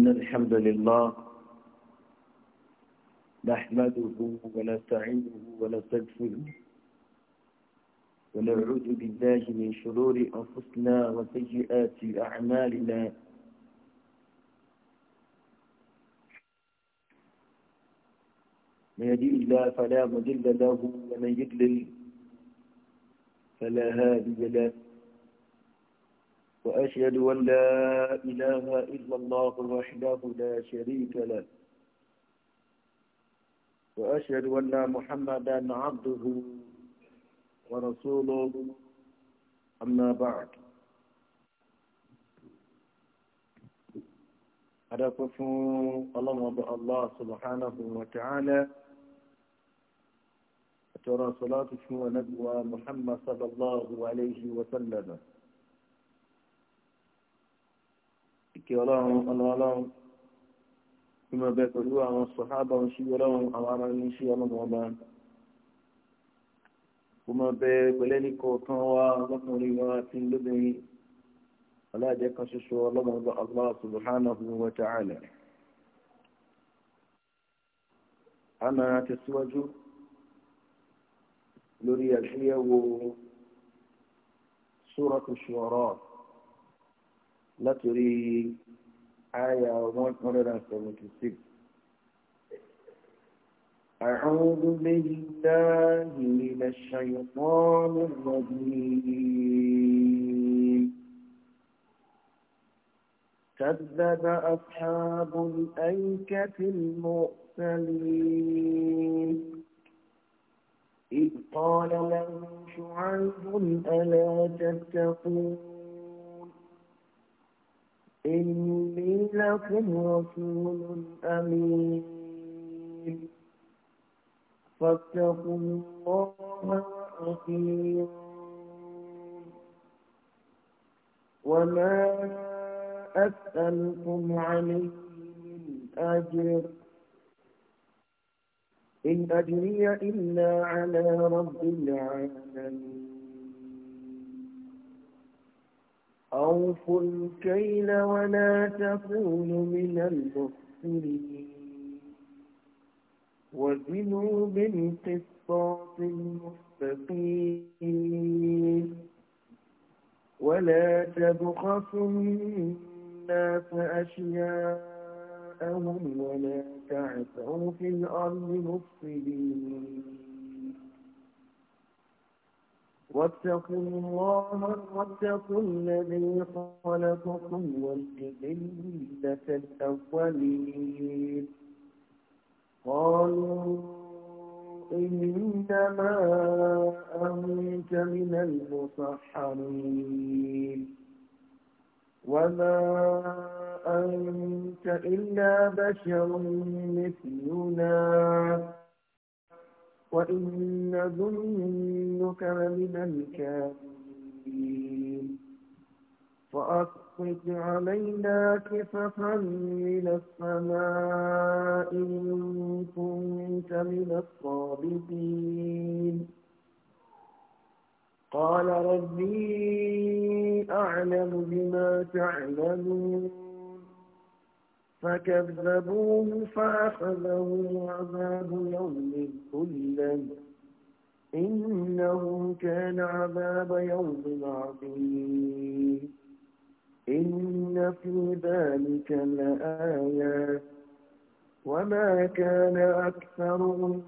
إن الحمد لله نحمده ونستعينه ونستغفره ونعوذ بالله من شرور أنفسنا وسيئات أعمالنا من يهدي الله فلا مضل له ومن يضلل فلا هادي له وأشهد أن لا إله إلا الله وحده لا شريك له وأشهد أن محمدا عبده ورسوله أما بعد أدفع الله الله سبحانه وتعالى ترى صلاة ونبوى محمد صلى الله عليه وسلم ìkẹ́ ọlọ́run ọ̀nà ọlọ́run bí mo bẹ pẹ̀lú àwọn sọ̀hábà ń ṣí ọlọ́run àwọn ará ní ṣí ọlọ́run ọba kò mọ bẹ pẹ̀lẹ́ ní kọ̀ọ̀kan wa lọ́kùnrin wa àti lóbìnrin aláàjẹ́ kan lórí àgbéyẹ̀wò Suratu Shu'ara. لتري آية 176 أعوذ بالله من الشيطان الرجيم كذب أصحاب الأيكة المرسلين إذ قال لهم شعيب ألا تتقون إني لكم رسول أمين فاتقوا الله وأطيعون وما أسألكم عليه من أجر إن أجري إلا على رب العالمين أوفوا الكيل ولا تكونوا من المخسرين وزنوا بالقسطاس المستقيم ولا تبخسوا الناس أشياءهم ولا تعثوا في الأرض مفسدين واتقوا الله واتقوا الذي خلقكم والجبلة الأولين قالوا إنما أنت من المسحرين وما أنت إلا بشر مثلنا وإن ظنك لمن الكاذبين فأسقط علينا كففا من السماء إن كنت من الصادقين قال ربي أعلم بما تعلمون فكذبوه فأخذهم عذاب يوم الظلة إنه كان عذاب يوم عظيم إن في ذلك لآيات وما كان أكثرهم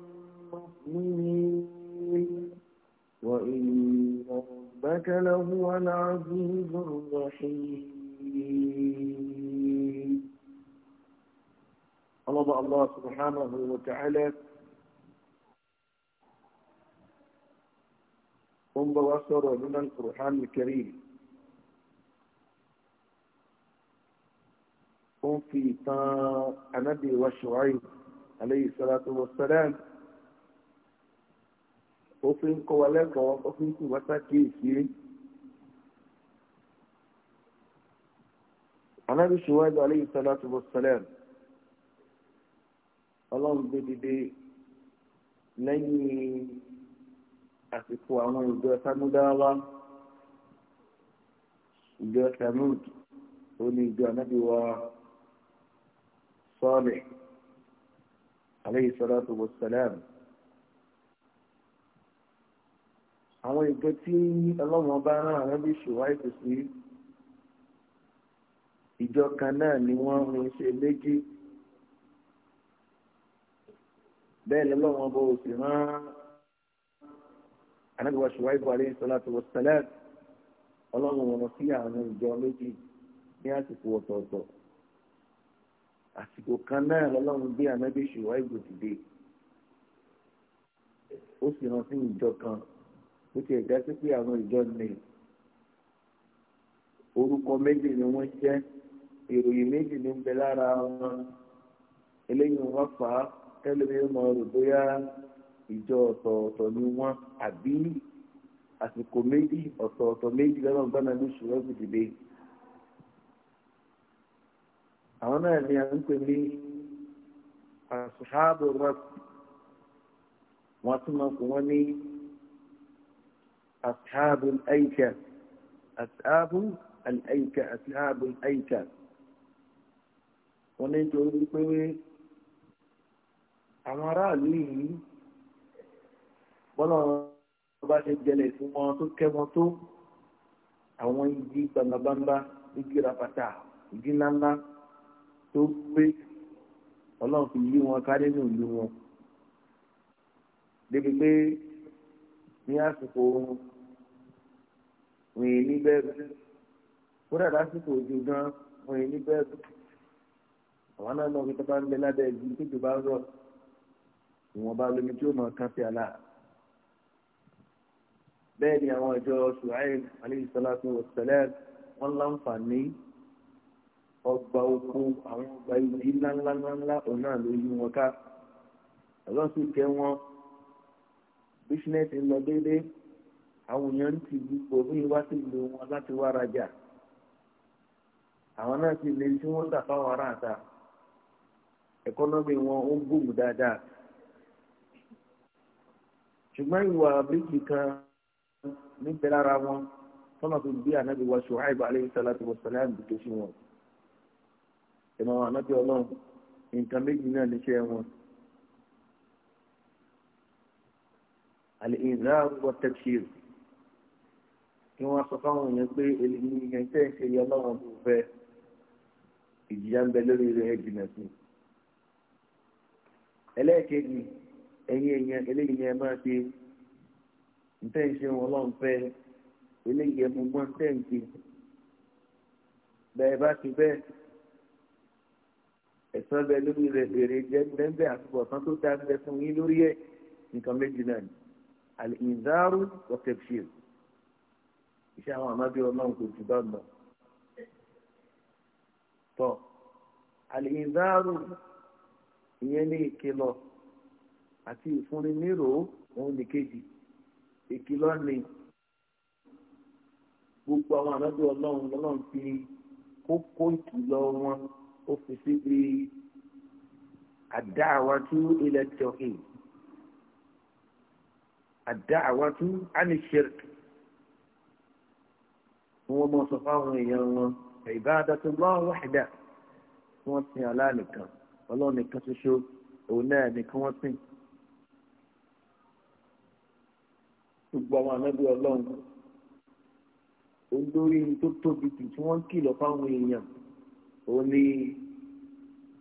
مؤمنين وإن ربك لهو العزيز الرحيم طلب الله سبحانه وتعالى قم بواسر من القرآن الكريم قم في طاء النبي وشعيب عليه الصلاة والسلام قم kọ́ wa lẹ́kọ̀ọ́ òfin kù wáta kíyèsí anábì ṣùwádìí ọlọ́run gbé dìde lẹ́yìn àsìkò àwọn ìjọ samudawa ìjọ samud ó ní ìjọ anábìwá sọ́ọ̀lẹ̀ alayhi salatu wa salam àwọn ìjọ tí ọlọ́run bá rán àwọn bí ṣùwáìtì ìjọ kan náà ni wọ́n ń ṣe méjì. bẹ́ẹ̀ lọ́lọ́wọ́n bó o sì rán anábìwá ṣùwáìbù alayhi salatu wa salam ọlọ́run wọn sí àwọn ìjọ méjì ní àsìkò ọ̀tọ̀ọ̀tọ̀ àsìkò kan náà lọ́lọ́run bí anábì ṣùwáìbù dìde ó sì rán sí ìjọ kan ó ti ẹ̀dá sí pé àwọn ìjọ ni orúkọ méjì ni wọ́n jẹ́ ìròyìn méjì ni ń bẹ lára wọn eléyìí wọ́n fà á. kẹ́lẹ́mi mọ̀ rò bóyá ìjọ ọ̀tọ̀ọ̀tọ̀ ni wọ́n àbí àsìkò méjì ọ̀tọ̀ọ̀tọ̀ méjì lọ́nà gbọ́nà lóṣù lọ́sùn dìde. àwọn náà ni à ń pè ní àṣùhábò rọ́ọ̀sì wọ́n tún máa pè wọ́n ní àṣùhábò àìkà àwọn aráàlú yìí bọ́lá wọn bá ṣe jẹlẹ̀ fún wọn tó kẹ́ wọn tó àwọn igi gbangba igi rapata igi ńláńlá tó gbé ọlọ́run fi yí wọn ká nínú ìlú wọn débi pé ní àsìkò wọ̀nyí ní bẹ́ẹ̀rù kódà lásìkò òjò gan wọ̀nyí ní àwọn náà lọ fi tọ́ba ń bẹ lábẹ́ ìlú tó jù bá ń rọ̀ ìwọ̀n bá lómi tí ó máa kán sí àlá. bẹ́ẹ̀ ni àwọn ìjọ Ṣùháìb aleyhisalatu wasalam wọ́n láǹfààní ọgbà oko àwọn ọgbà ibi ńláńláńlá òun náà ló yí wọn ká ọlọ́sùn kẹ́ wọn bísínẹ́sì ń lọ déédéé àwọn èèyàn ti gbogbo bí wá sí ìlú wọn láti wá rajà àwọn náà sì lè tí wọ́n dà fáwọn aráàta ẹ̀kọ́nọ́mì wọn ó ń dáadáa ṣùgbọ́n ìwà méjì kan níbẹ̀ lára wọn tọ́nà tó gbé ànábi wa ṣùháìbù alayhi salatu wa salam àdìgbò sí wọn ìmọ̀ ànábi ọlọ́run nǹkan méjì náà níṣẹ́ wọn. al-inzar wa takshir kí wọ́n sọ fáwọn èèyàn pé ènìyàn tẹ́ ṣe yọ lọ́wọ́ tó fẹ́ ìjìyà ń bẹ lórí rẹ̀ jìnnà sí. ẹlẹ́ẹ̀kejì ẹ̀yin èèyàn eléyìí ni ẹ máa ṣe ntẹ́ ń ṣe wọn lọ́n fẹ́ eléyìí ẹ mú gbọ́n tẹ́ ń ṣe bẹ́ẹ̀ bá ti bẹ́ẹ̀ ẹ̀sán bẹ lórí rẹ̀ èrè jẹ́ bẹ́ẹ̀ àtúbọ̀ kan tó dá bẹ fún yín lórí ẹ̀ nǹkan méjì náà ni àlìyìnzáàrú ọ̀tẹ̀fṣìl iṣẹ́ àwọn àmàbí ọlọ́run kò jù bá mọ̀ tọ́ àlìyìnzáàrú ìyẹn ní ìkìlọ̀ àti ìfúnni nírò òun nìkejì ìkìlọ̀ ni gbogbo àwọn ànábì ọlọ́run lọ́lọ́run fi kókó ìkìlọ̀ wọn ó fi síbi àdáàwátú ilẹ̀ tọ́hìn àdáàwátú ánìṣẹ́rì wọn mọ sọ fáwọn èèyàn wọn ìbádatullah wahda wọn sin aláàlì kan ọlọ́run nìkan ṣoṣo òun náà nìkan wọ́n sìn. gbogbo àwọn ànábì ọlọ́run olórí tó tóbi jù tí wọ́n ń kìlọ̀ fáwọn èèyàn òun ni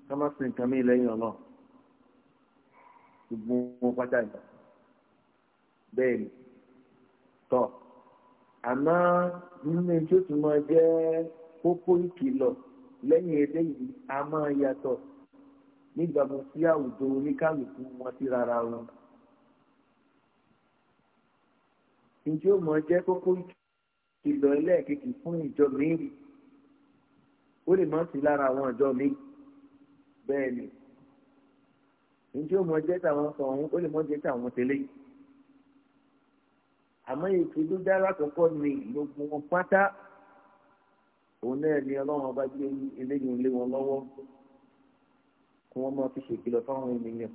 ká má sin nǹkan mìíràn lẹ́yìn ọlọ́run gbogbo wọn pátá ìgbà bẹ́ẹ̀ ni tọ́ àmọ́ nínú tí ó tún máa jẹ́ kókó ìkìlọ̀ lẹ́yìn eléyìí a máa yàtọ̀ nígbàgbọ́ sí àwùjọ oníkálukú wọn sí rárá wọn. njẹ́ o mọ̀ jẹ́ kókó ìlọ ẹlẹ́ẹ̀kejì fún ìjọ mìíràn ó lè mọ̀ sí lára àwọn ìjọ míì bẹ́ẹ̀ ni njẹ́ ó mọ̀ jẹ́ tàwọn sọ̀hún ó lè mọ̀ jẹ́ tàwọn tẹ́lẹ̀ àmọ́ ètò tó dára kọ̀ọ̀kọ́ ni gbogbo wọn pátá òun náà ni ọlọ́run ọba gbé eléyìí lé wọn lọ́wọ́ kí wọ́n máa fi ṣèkìlọ̀ fáwọn ènìyàn.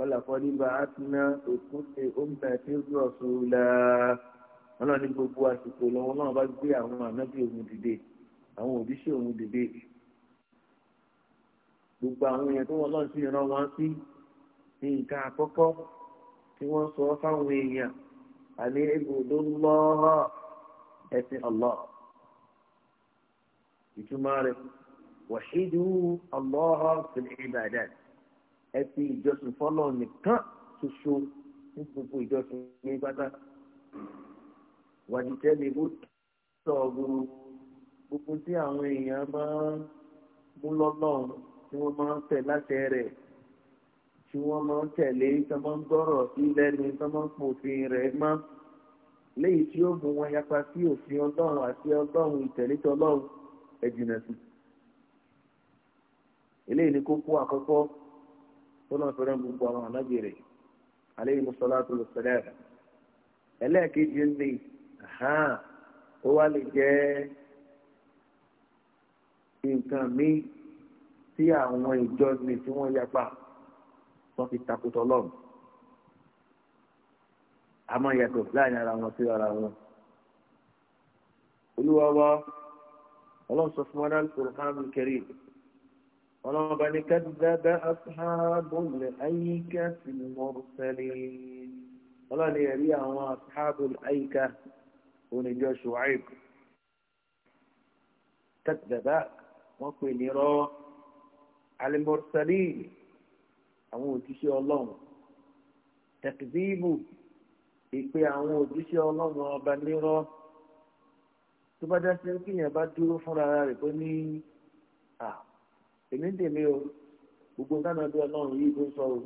ولقد بعثنا في كل أمة رسولا ọlọ́run ní gbogbo àsìkò lọ́wọ́ náà bá gbé àwọn ànábì òun dìde àwọn òbíṣẹ́ òun dìde gbogbo àwọn èèyàn tó wọ́n lọ́n sí ìran wọn sí ní nǹkan àkọ́kọ́ tí wọ́n sọ fáwọn èèyàn àní ibùdó lọ́ọ́ ẹ̀sìn Allah ìtumọ̀ rẹ̀ wàhídùú Allah fil ibadat ẹ fi ìjọsìn fọlọ́ nìkan ṣoṣo ní gbogbo ìjọsìn ní pátá wàdìtẹ́ lè bó sọ ọ̀gbọ̀n gbogbo tí àwọn èèyàn máa ń mú lọ́lọ́run tí wọ́n máa ń tẹ̀ láṣẹ rẹ̀ tí wọ́n máa ń tẹ̀lé tí wọ́n máa ń gbọ́rọ̀ sí lẹ́nu tí wọ́n máa ń pòfin rẹ̀ mọ́ léyìí tí ó mú wọn yapa sí òfin ọlọ́run àti ọlọ́run ìtẹ̀lé tọlọ́run ẹ jìnnà sí. eléyìí ni kókó àkọ́kọ́ tó náà fẹ́ràn gbogbo àwọn ànábì rẹ̀ aleyhi musalatu wasalam ẹlẹ́ẹ̀kejì ń bì ó wá lè jẹ́ nǹkan míì tí àwọn ìjọ mi tí wọ́n yapa wọ́n fi takùtọ̀ lọ́rùn a yàtọ̀ láàrin ara wọn sí ara wọn. olúwa wa ọlọ́run sọ fún wa náà Al-Qur'an Al-Karim. رغبا كذب أصحاب الأيكة المرسلين ولا ليريا أصحاب الأيكة ونجا شعيب كذب وقل يرى على المرسلين أمو تشي الله تكذيب ìpè àwọn òjíṣẹ́ ọlọ́run ọba nírọ́ tó bá dá sí pé èèyàn bá dúró fúnra rẹ̀ pé ní èmi ń tèmi o gbogbo sábà bí ọlọ́run yìí tó sọ o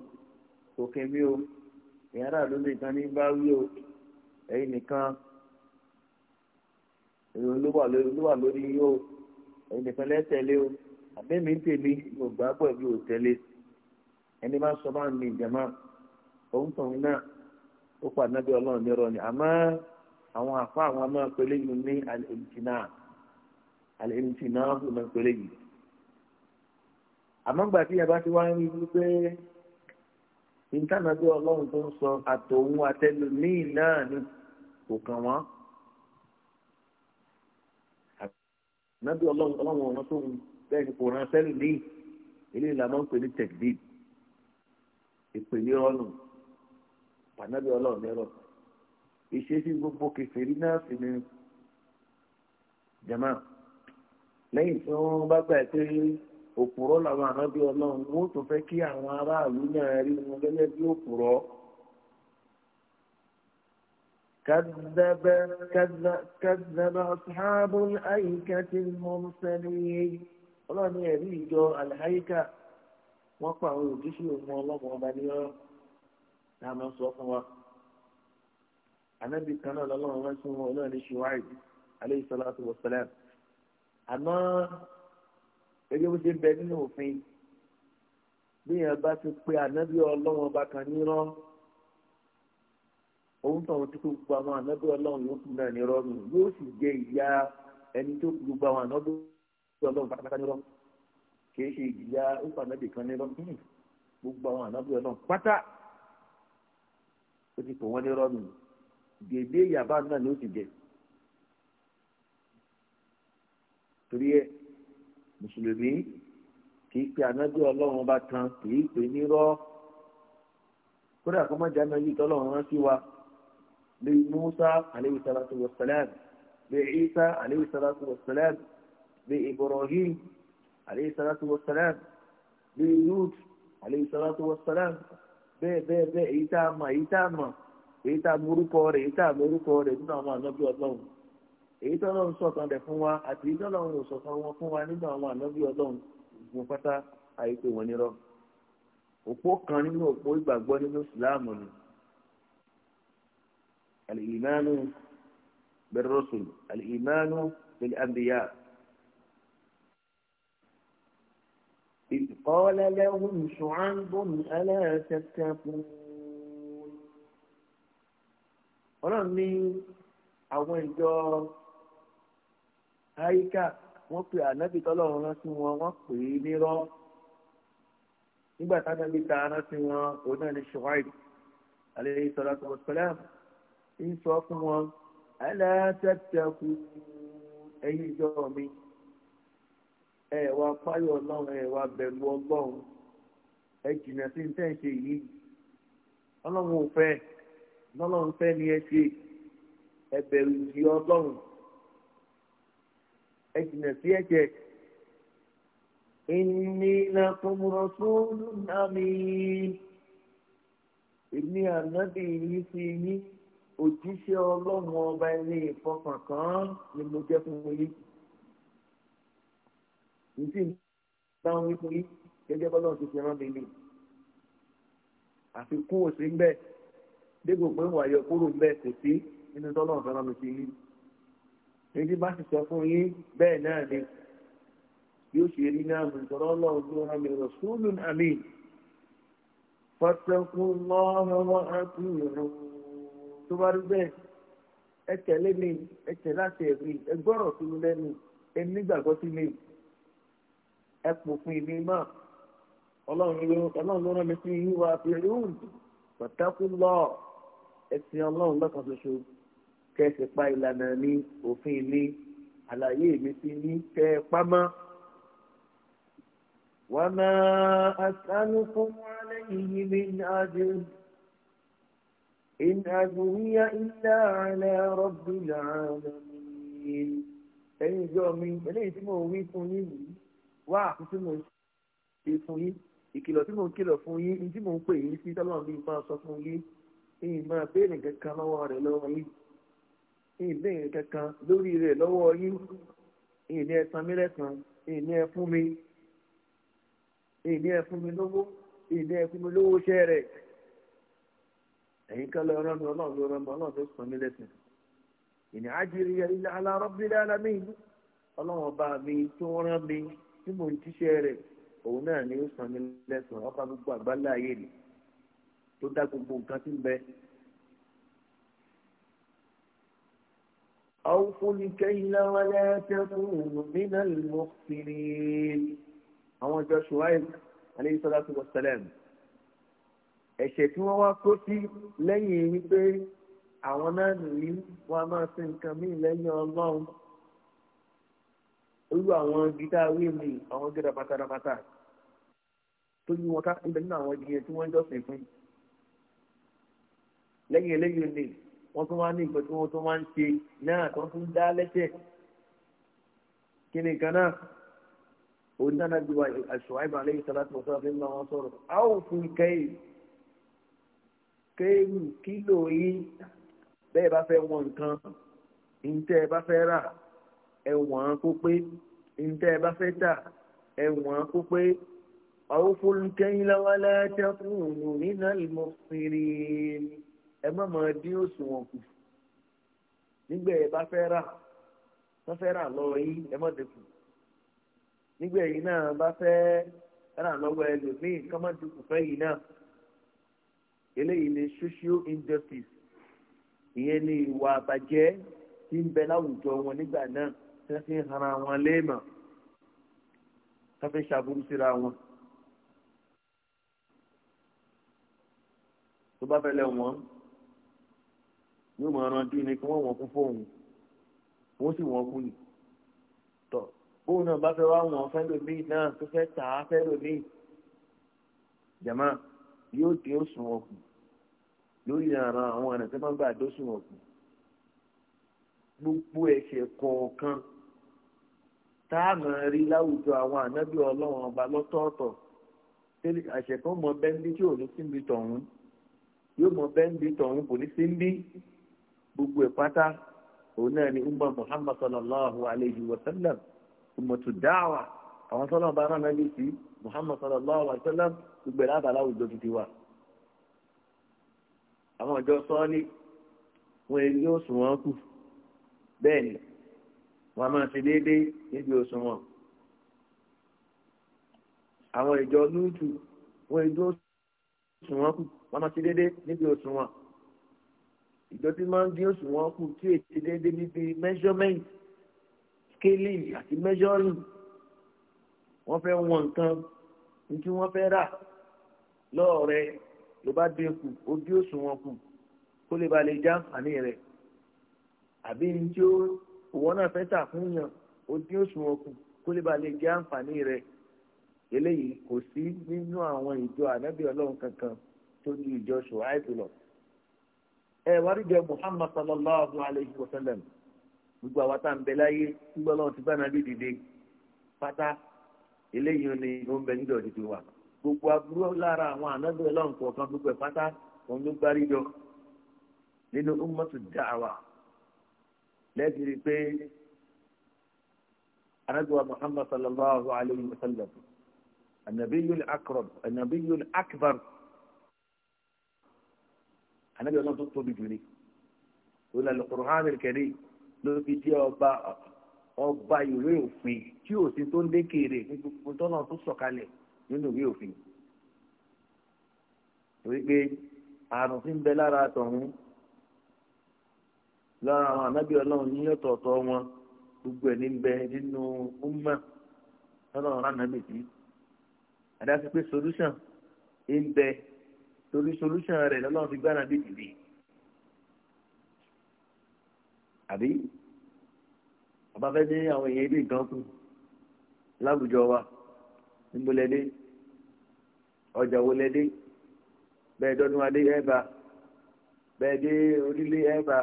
kò kẹ́mi o èèyàn náà ló nìkan ní bá wí o ẹ̀yin nìkan ìròyìn ló wà lórí o nìkan lẹ́tẹ̀lé o ń o ẹni sọ ń mi ìjàmá òun tọ̀hún náà ó pa ọlọ́run ní ni àmọ́ àwọn àwọn ọmọ yìí ní alẹ́ alẹ́ àmọ́ gbà tí ẹ bá ti wá ń rí wípé ìtànàgbé ọlọ́run tó ń sọ àtòun àtẹlòmíì náà ni kò kàn wọ́n àtànàgbé ọlọ́run ọlọ́run ọ̀run tó ń bẹ́ẹ̀ ni kò ràn sẹ́lòmíì eléyìí la máa ń pè ní tẹ̀gbìn ìpèlè ọ̀nù pànàbí ọlọ́run lẹ́rọ̀ ìṣesí gbogbo kẹfẹ́rí náà sì ni jama lẹ́yìn tí wọ́n bá gbà pé òpùrọ́ làwọn ànábì ọlọ́run wọ́n tún fẹ́ kí àwọn aráàlú náà rí wọn gẹ́gẹ́ bí òpùrọ́. كذب أصحاب الأيكة المرسلين ọlọ́run ní ẹ̀rí ìjọ àlàyíká wọ́n pa àwọn òjíṣẹ́ òun ọlọ́mọ ọba ní ọ́ tá a máa sọ fún wa anábì kan náà lọ́lọ́run wá gẹ́gẹ́ bó ṣe ń bẹ nínú òfin bí yẹn bá ti pé ànábì ọlọ́run ọba kan nírọ́ òun tọ̀hún tí kò gbogbo àwọn ànábì ọlọ́run yóò kú náà nírọ́ nù yóò sì jẹ ìyá ẹni tó kú gbogbo àwọn ànábì ọlọ́run pátápátá nírọ́ kìí ṣe ìyá ó fà ànábì kan nírọ́ hmm, gbogbo àwọn ànábì ọlọ́run pátá ó ti pò wọ́n nírọ́ nù gèdè ìyàbá náà ni ti jẹ torí ẹ mùsùlùmí kì í pe ànábì ọlọ́run bá tan kì í pè nírọ́ kódà kó má jáná yìí tọ́lọ́run rán sí wa bí musa aleyhi salatu wa salam bí isa aleyhi salatu wa salam bí ibrahim aleyhi salatu wa salam bí lut aleyhi salatu wa salam bẹ́ẹ̀ bẹ́ẹ̀ bẹ́ẹ̀ èyí tá a mọ̀ èyí tá a mọ̀ èyí tá a mọ̀ orúkọ rẹ̀ èyí tá a mọ̀ orúkọ rẹ̀ nínú àwọn ànábì ọlọ́run èyí tó lọ́run sọ̀kan rẹ̀ fún wa àti èyí tó lọ́run ò sọ̀kan wọn fún wa nínú àwọn ànábì ọlọ́run mo pátá àyíkó wọn nírọ́ òpó kan nínú òpó ìgbàgbọ́ nínú ìsìláàmù ni alìmánu bẹ̀rọ̀sùn alìmánu bẹ̀rẹ̀ àbíyá. إذ قال لهم شعيب ألا تتقون ọlọ́run ní àwọn ìjọ àyíká wọn pe ànábì tọ́lọ́run rán sí wọn pè é nírọ́ nígbà tánábì ta rán sí wọn òun náà ní ṣùwáìdì àlẹ́ ìsọ̀rọ̀ àtọ̀wọ̀ sọ́lá ń sọ fún wọn aláàtẹ̀tẹ̀kù ẹ̀yìn ìjọ mi ẹ̀ wá ọlọ́run ẹ̀ wá bẹ̀rù ẹ̀ jìnnà sí ní tẹ̀sí yìí ọlọ́run ò fẹ́ ọlọ́run fẹ́ ẹ jìnà sí ẹ̀jẹ̀ ìní làkùnmùrọ̀ sóòlù nàmì èmi ànábì yìí fi yín òjíṣẹ́ ọlọ́run ọba ilé ìfọkàn kan ni mo jẹ́ fún yín nítí báwọn wí fún yín gẹ́gẹ́ bọ́lá ti fi rán mi ni àfikún òsín bẹ́ẹ̀ dégbò pé wàá kúrò bẹ́ẹ̀ kò sí nínú tọ́lọ́run fẹ́ràn mi sí yín èdè bá sì sọ fún yín bẹ́ẹ̀ náà ni yóò ṣe rí náà mú ìtọ́rọ́ ọlọ́run ló hàn mí rasulun amin fọ́tẹ́kùn lọ́wọ́ àtúnyẹ̀rọ tó bá rí bẹ́ẹ̀ ẹ tẹ̀lé mi ẹ tẹ̀lé àti ẹ̀rí ẹ gbọ́rọ̀ sí mi ọlọ́run ló rán mi sí yíwá fi rí òun fọ́tẹ́kùn lọ́ọ̀ ẹ̀sìn ọlọ́run lọ́kàn kẹ́sì pa ìlànà mi òfin mi àlàyé mi ti ní kẹ́ ẹ pamọ́. wọ́n máa asálùkún wọn lẹ́yìn mi ní adé. إن أدري إلا على رب العالمين ẹ̀yin ìjọ mi eléyìí tí mò ń wí fún yín yìí wá àfi tí mò ń ṣe fún yín ìkìlọ̀ tí mò ń kìlọ̀ fún yín ní tí mò ń pè yín sí tọ́lọ́ máa sọ fún yín ní ìmọ̀ béèrè kankan lọ́wọ́ rẹ̀ lọ́wọ́ yín ìbéèrè kankan lórí rẹ̀ lọwọ yín ìní ẹ̀sán mi lẹ́sàn ìní ẹ fún mi ìní ẹ fún mi lówó ìní ẹ fún mi lówó mi ọrọ mi tó sàn mí ìní alámì ọba mi tó rán mi tí mò ń òun náà ni ó sàn mí ọba ni tó dá gbogbo nǹkan أوفوا الكيل ولا تكونوا من المخسرين àwọn ìjọ ṣùwáìb aleyhisalatu wasalam ẹ̀ṣẹ̀ tí wọ́n wá kó sí lẹ́yìn wípé àwọn náà nìyí wọn a máa sin nǹkan míì lẹ́yìn ọlọ́run olú àwọn gita wíìmì àwọn gẹ́gẹ́ pátápátá tó yí wọn ká níbẹ̀ nínú àwọn ìdíyẹn tí wọ́n jọ́sìn fún lẹ́yìn eléyìí nìyí wọ́n tún wá ní nǹkan tí wọ́n tún wá ń ṣe náà tó tún dá lẹ́sẹ̀ kí ni nǹkan náà òun dáná ju àṣùwáìbà lẹ́yìn sọlá tí wọ́n sọ wọn sọ̀rọ̀ a ò fún kẹ́yìn kẹ́yìn kílò yín bẹ́ẹ̀ bá fẹ́ wọn nǹkan ntẹ́ bá fẹ́ rà ẹ kó pé ntẹ́ bá fẹ́ tà ẹ kó pé a fún kẹ́yìn lọ́wọ́ lẹ́tẹ̀kùn nínú ìmọ̀ fìrìn ẹ má máa dín òṣùwọ̀n kù nígbà ẹ bá fẹ́ rà bá fẹ́ rà lọ́wọ́ yín ẹ má dín kù nígbà ẹ̀yin náà bá fẹ́ rà lọ́wọ́ ẹlòmíì ká má dín kù fẹ́ yìí náà eléyìí ni social injustice ìyẹn ni ìwà àbàjẹ́ tí ń bẹ láwùjọ wọn nígbà náà tí wọ́n fi ń hara wọn léèmọ̀ tó fi ṣàbùrú síra wọn. tó bá fẹ́ lẹ̀ yóò máa ran dín ní kí wọ́n wọ̀n kún fóun wọ́n sì wọ́n kún ni tọ̀ bóun náà bá fẹ́ wá wọ̀n fẹ́lòmíì náà tó fẹ́ tà á fẹ́lòmíì jàmá yóò dín òṣùwọ̀n kù yóò yàrá àwọn àna tó máa ń gbà dóṣùwọ̀n kù gbogbo ẹ̀ṣẹ̀ kọ̀ọ̀kan tá a máa rí láwùjọ àwọn ànábì ọlọ́run ọba lọ́tọ̀ọ̀tọ̀ tẹ́lẹ̀ àṣẹ kan mọ bẹ́ńbí tí ò ní síbi tọ̀hún yóò mọ bẹ́ńbí tọ̀hún kò ní síbi gbogbo ẹ̀ pátá òun náà ni umma muhammad sallallahu alayhi wa sallam ummatu da'wa àwọn sọlọ bá rán náà létí muhammad sallallahu alayhi wa sallam gbogbo ẹ̀ lábàá láwùjọ títí wa. àwọn ọjọ́ sọ́ọ́lì wọn èyí yóò sùn wọn kù ni wọn máa ṣe déédéé níbi àwọn ìjọ lúùtù wọn ìdọ̀tí máa ń dín òṣùwọ̀n kù tí ètè déédéé níbi measurement scaling àti measuring wọ́n fẹ́ wọn nǹkan ní tí wọ́n fẹ́ rà lọ́ọ̀rẹ́ ló bá dín kù ó dín òṣùwọ̀n kù kó lè ba lè já àní rẹ̀ àbí ní tí òwò náà fẹ́ tà fún yàn ó dín òṣùwọ̀n kù kó lè ba lè jẹ́ àǹfààní rẹ̀ eléyìí kò sí nínú àwọn ìjọ ànábì ọlọ́run kankan tó ju ìjọ ṣòwáìtì lọ ẹ wá rí jẹ muhammad sallallahu alayhi wa sallam gbogbo àwa tá à ń bẹ láyé gbogbo ọlọ́run ti bá nàbí dìde pátá eléyìí ni ó ń bẹ nídọ̀ dìde wa gbogbo aburú lára àwọn ànágbé ọlọ́run kọ̀ọ̀kan gbogbo ẹ̀ pátá òun ló gbárí jọ nínú ummatu da'wa lẹ́sìrì pé ànágbé wa muhammad sallallahu alayhi wa sallam anabi akrab anabi akbar ànábì ọlọ́run tó tóbi jù ni òun làlọ́ kùrọ̀hánì kẹrí ló fi jẹ́ ọba ọba ìwé òfin tí ò sí tó ń lékèrè ní gbogbo tọ́nà tó sọ̀kalẹ̀ nínú ìwé òfin torí pé àrùn tí ń bẹ lára tọ̀hún lára àwọn ànábì ọlọ́run ní ọ̀tọ̀ọ̀tọ̀ wọn gbogbo ẹ̀ ní bẹ nínú umma tọ́nà ọ̀rá ànábì sí solution ń bẹ torí solution rẹ̀ lọ́lọ́run fi gbára bí dìde àbí ọba fẹ́ dé àwọn èèyàn ilé ìdánkù láwùjọ wa níbo lẹ́dẹ́ ọjà wo lẹ́dẹ́ bẹ́ẹ̀ dọ́dún adé ẹ̀bà bẹ́ẹ̀ dé onílé ẹ̀bà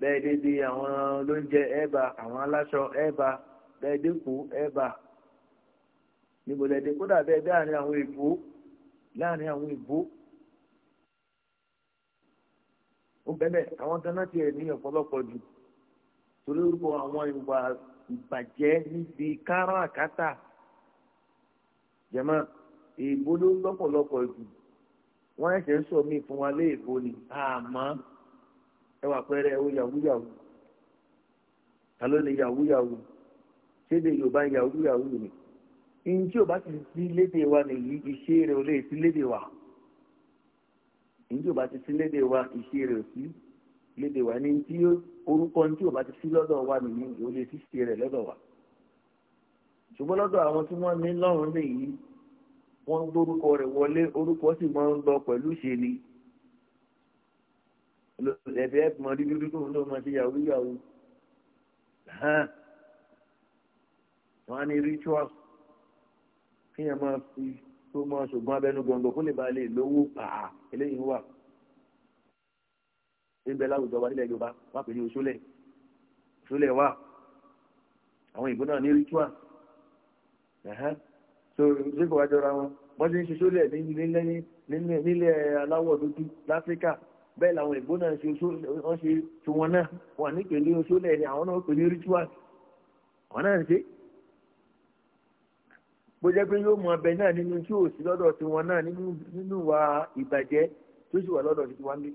bẹ́ẹ̀ dé bí àwọn olóúnjẹ ẹ̀bà àwọn aláṣọ ẹ̀bà bẹ́ẹ̀ dé kú ẹ̀bà níbo kódà bẹ́ẹ̀ dé àárín àwọn èèbó láàrin àwọn ìbò ó bẹ́ẹ̀ àwọn kan náà ti ẹ̀ ní ọ̀pọ̀lọpọ̀ jù torí orúkọ àwọn ìwà ìbàjẹ́ níbi káràkátà jẹ̀mọ́ èèbó ló lọ́pọ̀lọpọ̀ jù wọ́n ẹ̀ṣẹ̀ ń sọ míì fún wa léèbó ni àmọ́ ẹ wà pẹ́rẹ́ ó yàwúyàwú ta ló lè yàwúyàwú ṣéde yorùbá yàwúyàwú ni ìyìn tí ò bá ti sí léde wa nìyí iṣẹ́ rẹ̀ ò lè sí léde wa níjó bá ti sí léde wa ìṣe rẹ̀ sí léde wa ní tí orúkọ ní tí ò ti sí lọ́dọ̀ wa nìyí ò lè ṣíṣe rẹ̀ lọ́dọ̀ wa ṣùgbọ́n lọ́dọ̀ àwọn tí wọ́n ní lọ́rùn nìyí wọ́n gbórúkọ rẹ̀ wọlé orúkọ sì máa ń lọ pẹ̀lú ṣe ni ẹ̀fẹ́ mọ dídú dúdú ló máa ṣe yàwó yàwó wọ́n á ní ritual kí ẹ máa fi tó mọ ṣùgbọ́n abẹnú gbọ̀ngàn kó lè ba lè lówó pàà eléyìí wà níbẹ̀ láwùjọ wa nílẹ̀ Yorùbá wà pẹ̀lú òṣòlẹ̀ òṣòlẹ̀ wà àwọn ìbò náà ní ritual so ṣé kò wá jọra wọn wọ́n ti ń ṣe òṣòlẹ̀ nílẹ̀ aláwọ̀ dúdú láfíríkà bẹ́ẹ̀ làwọn ìbò náà ṣe wọ́n ṣe tiwọn náà wà ní pẹ̀lú òṣòlẹ̀ ni àwọn náà pẹ̀lú ritual àwọn náà ń ṣe bó jẹ́ pé yóò mọ ọbẹ̀ náà nínú tí ò sí lọ́dọ̀ tiwọn náà nínú wa ìbàjẹ́ tí ó sì wà lọ́dọ̀ tiwọn ní.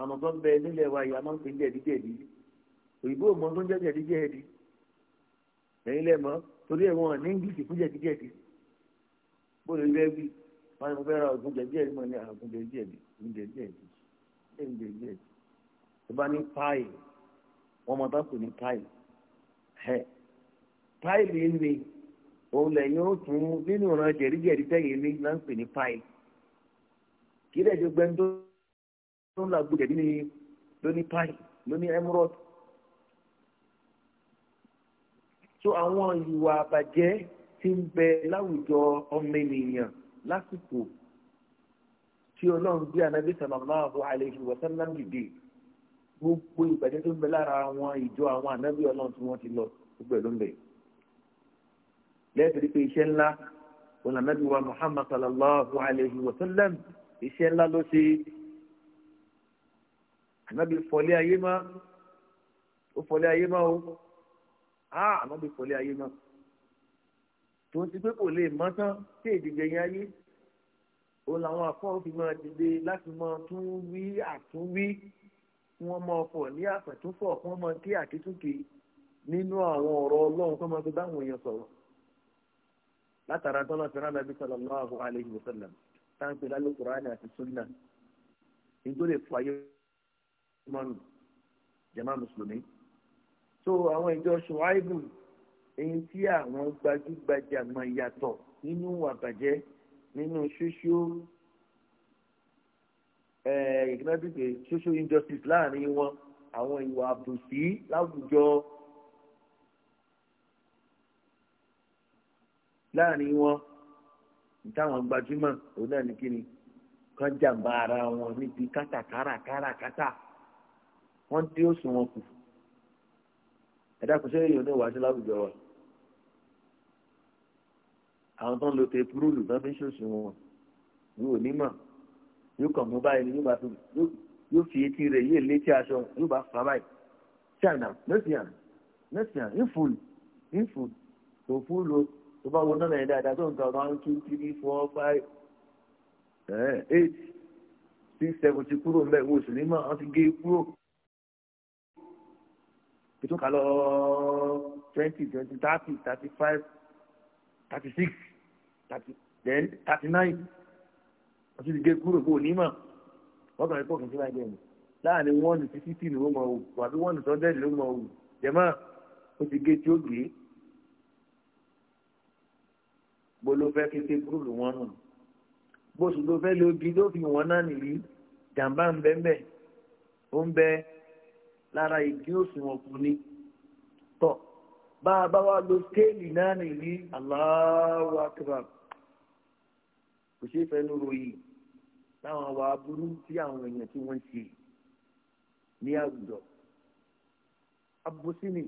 àwọn tó bẹ nílẹ̀ wa yìí a máa ń pè ní jẹ̀díjẹ̀dí òyìnbó mọ tó ń jẹ́ jẹ̀díjẹ̀dí ẹ̀yin lẹ̀ mọ́ torí ẹ̀wọ̀n ní English fún jẹ̀díjẹ̀dí bó lè rẹ́ bí wọ́n ní mo fẹ́ ra ògùn jẹ̀díjẹ̀dí mọ́ ní àgùn ah, jẹ̀díjẹ̀dí ní jẹ̀díjẹ̀dí ní jẹ̀díjẹ̀dí tó bá ní páì wọ́n mọ tó ń pè ní páì fáìlì ni òun lẹ́yìn ó tún nínú ọ̀ràn jẹ̀ríjẹ̀rí tẹ̀yìn ní náà ń pè ní fáìlì kí lẹ́jọ́ gbẹ́ni tó ń làgbó jẹ̀rí ni lóní fáìlì lóní emirot so àwọn ìwà àbàjẹ́ ti ń bẹ láwùjọ ọmọ ènìyàn lásìkò tí ọlọ́run bí anabi sallallahu alayhi wa sallam dìde gbogbo ìbàjẹ́ tó ń bẹ lára àwọn ìjọ àwọn anabi ọlọ́run tí wọ́n ti lọ gbogbo ẹ̀ ló ń bẹ̀ẹ́ lẹ́sìn rí pé iṣẹ́ ńlá ọ̀làmẹ́bí wa muhammad sallallahu alayhi wa sallam iṣẹ́ ńlá ló ṣe ànábì fọlé ayé má ó fọlé ayé má o á ah, ànábì fọlé ayé má tó ń ti pé kò lè mọ́ tán tí èdìgbẹ́ yẹn ayé òun làwọn afọ́n fi máa dìde láti máa tún wí àtúnwí kí wọ́n máa fọ̀ ní àpẹ̀túnfọ̀ kí wọ́n máa kí àkítúnkì nínú àwọn ọ̀rọ̀ ọlọ́run kí máa fi báwọn èèyàn sọ̀rọ̀ látara tọ́lọ́ ti rán Ànábì sallallahu alayhi wa sallam táǹpì lálẹ́ kùránì àti sunna nítorí lè fàyè mọ́nù jama mùsùlùmí. so àwọn ìjọ ṣùwáìbù èyí tí àwọn gbajúgbajà mọ̀ yàtọ̀ nínú àbàjẹ́ nínú ṣoṣo ẹ̀ẹ́dẹ́gbẹ̀ẹ́ ṣoṣo injustice láàrin wọn àwọn ìwà àbòsí láwùjọ. láàrin wọn táwọn gbajúmọ̀ òun náà ní kíni kan jàǹbá ara wọn níbi kátàkárà káràkátà wọn tí ó sùn wọn kù ẹ̀dá kò sẹ́yìn òun náà wá sí láwùjọ wa àwọn tó ń lo tepurúlù náà fi ń ṣòṣù wọn yóò ò ní mọ̀ yóò kàn mú báyìí yóò bá fi yóò fi etí rẹ̀ yóò létí aṣọ yóò bá fà báyìí ṣàná nọ́ọ̀sì àná nọ́ọ̀sì àná ń fòlù ń fòlù kò fòlù tó bá wo nọ́mbà yẹn dáadáa tó ń ka one two three four five eh, eight six seven ti kúrò mbẹ́ wo sì ní mọ́ wọ́n ti gé e kúrò ètò kálọ̀ twenty twenty thirty thirty five thirty six thirty then thirty nine wọ́n ti gé e kúrò kó ní mọ́ wọ́n kàn ń pọ̀ kìí sí láì jẹ́ mi láàrin one to fifty ni ó mọ̀ ọ́ àbí one to hundred ni ó mọ̀ ọ́ jẹ̀mọ́ ó ti gé e tí ó gé bó ló fẹ́ fi ṣe gúrùlù wọn nù bó sì ló fẹ́ lo igi ló fi wọn náà nìyí jàǹbá ń bẹ ń bẹ ó ń bẹ lára igi òṣùwọ̀n kù ni tọ̀ bá a bá wa lo skéèlì náà nìyí Allahu akbar kò ṣeé fẹ́ lóró yìí láwọn àwa aburú tí àwọn èèyàn tí wọ́n ń ṣe ní àwùjọ abosini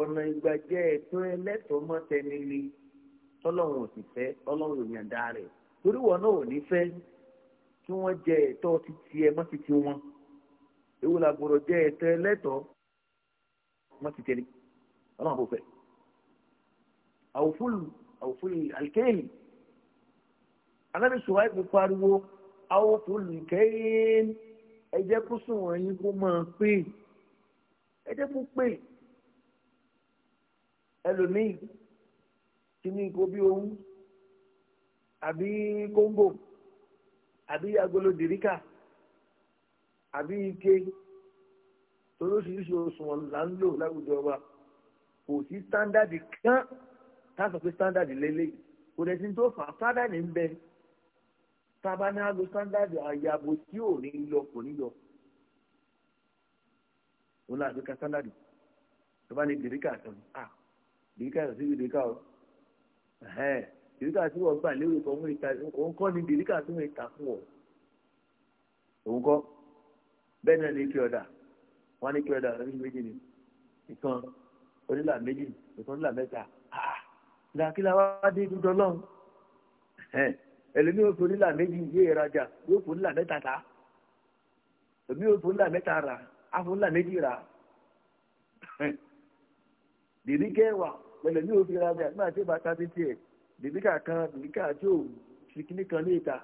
ọ̀nà ìgbàjẹ́ ẹ̀tọ́ ẹlẹ́tọ̀ọ́ mọ́tẹ́ni ni. Abusini, tọ́lọ́run ò sì fẹ́ ọlọ́run ò yàǹda rẹ̀ torí wọn náà ò ní fẹ́ kí wọ́n jẹ ẹ̀tọ́ títí ẹ mọ́ títí wọn ewu la gbọ́dọ̀ jẹ ẹ̀tọ́ ẹlẹ́tọ̀ọ́ mọ́ títí ẹni ọlọ́run kò fẹ́ àwòfúlù àwòfúlù àlìkéèlì alábì sùwáì kò pariwo àwòfúlù kéèyìn ẹ kó sùn wọ̀nyí kó máa pè é kó pè ẹlòmíì kíní kó bí ohun àbí kóńbò àbí agolo dìríkà àbí ike toróṣiríṣi òṣùwọ̀n là ń lò láwùjọ wa kò sí sítándàdì kan tá a sọ pé sítándàdì lélẹ́yìí kò dẹ̀ sí tó fà á sítándàdì ń bẹ tába ní àgbo sítándàdì àyàbò tí ò ní lọ kò ní lọ òun là ń ká sítándàdì tó bá ní dìríkà kan à dìríkà yóò sí dìríkà o ìdíkà tí wọ́n gbà lérò kan mú ìta òun kọ́ ni ìdíkà tí wọ́n ìta fún ọ òun kọ́ bẹ́ẹ̀ náà ní kí ọ̀dà wọ́n á ní kí ọ̀dà oríṣi méjì ni ìkan onílà méjì ìkan onílà mẹ́ta làkìlà ah, wá dé dúdú ọlọ́run ẹlòmíì òfin onílà méjì yé ìrajà yóò fún onílà mẹ́ta ta èmi òfin onílà mẹ́ta rà àfún onílà méjì rà dìrí kẹwàá pẹ̀lẹ́ ní òbí rajà nígbà tí ó bá ta títí ẹ̀ bìbíkà kan bìbíkà tí ò fi kíní kan ní ìta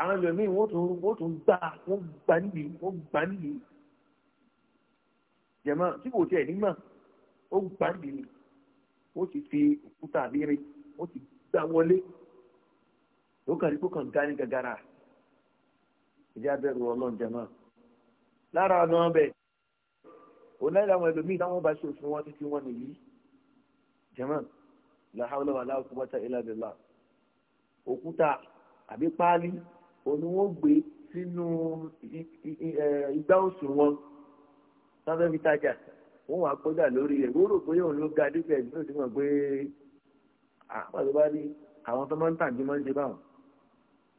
àwọn ẹlòmíín wọ́n tún wọ́n tún gbà wọ́n gbà níbi wọ́n gbà níbi jẹ̀mọ́ tí kò tiẹ̀ nímọ̀ ó gbà níbi ó ti fi òkúta àbírin ó ti gbà wọlé ó kàn rí kó kàn ga gàgàrà ìjà bẹ̀rù ọlọ́run jẹ̀mọ́ lára ọ̀nà ọbẹ̀ òun náà làwọn ẹlòmíì táwọn bá ṣe òfin wọn títí wọn nìyí jẹmọ́ làhàlọ aláàkú wọta ìlàdìlà òkúta àbí páálí òun wọn gbé sínú igbá òsùn wọn sáfẹ́ fi tajà wọn wàá kọjá lórí rẹ̀ wọ́n rò pé òun ló ga dípẹ́ ìdílé tí wọ́n gbé àpàtó ah, bá rí àwọn tó máa ń tàn jí máa ń ṣe báwọn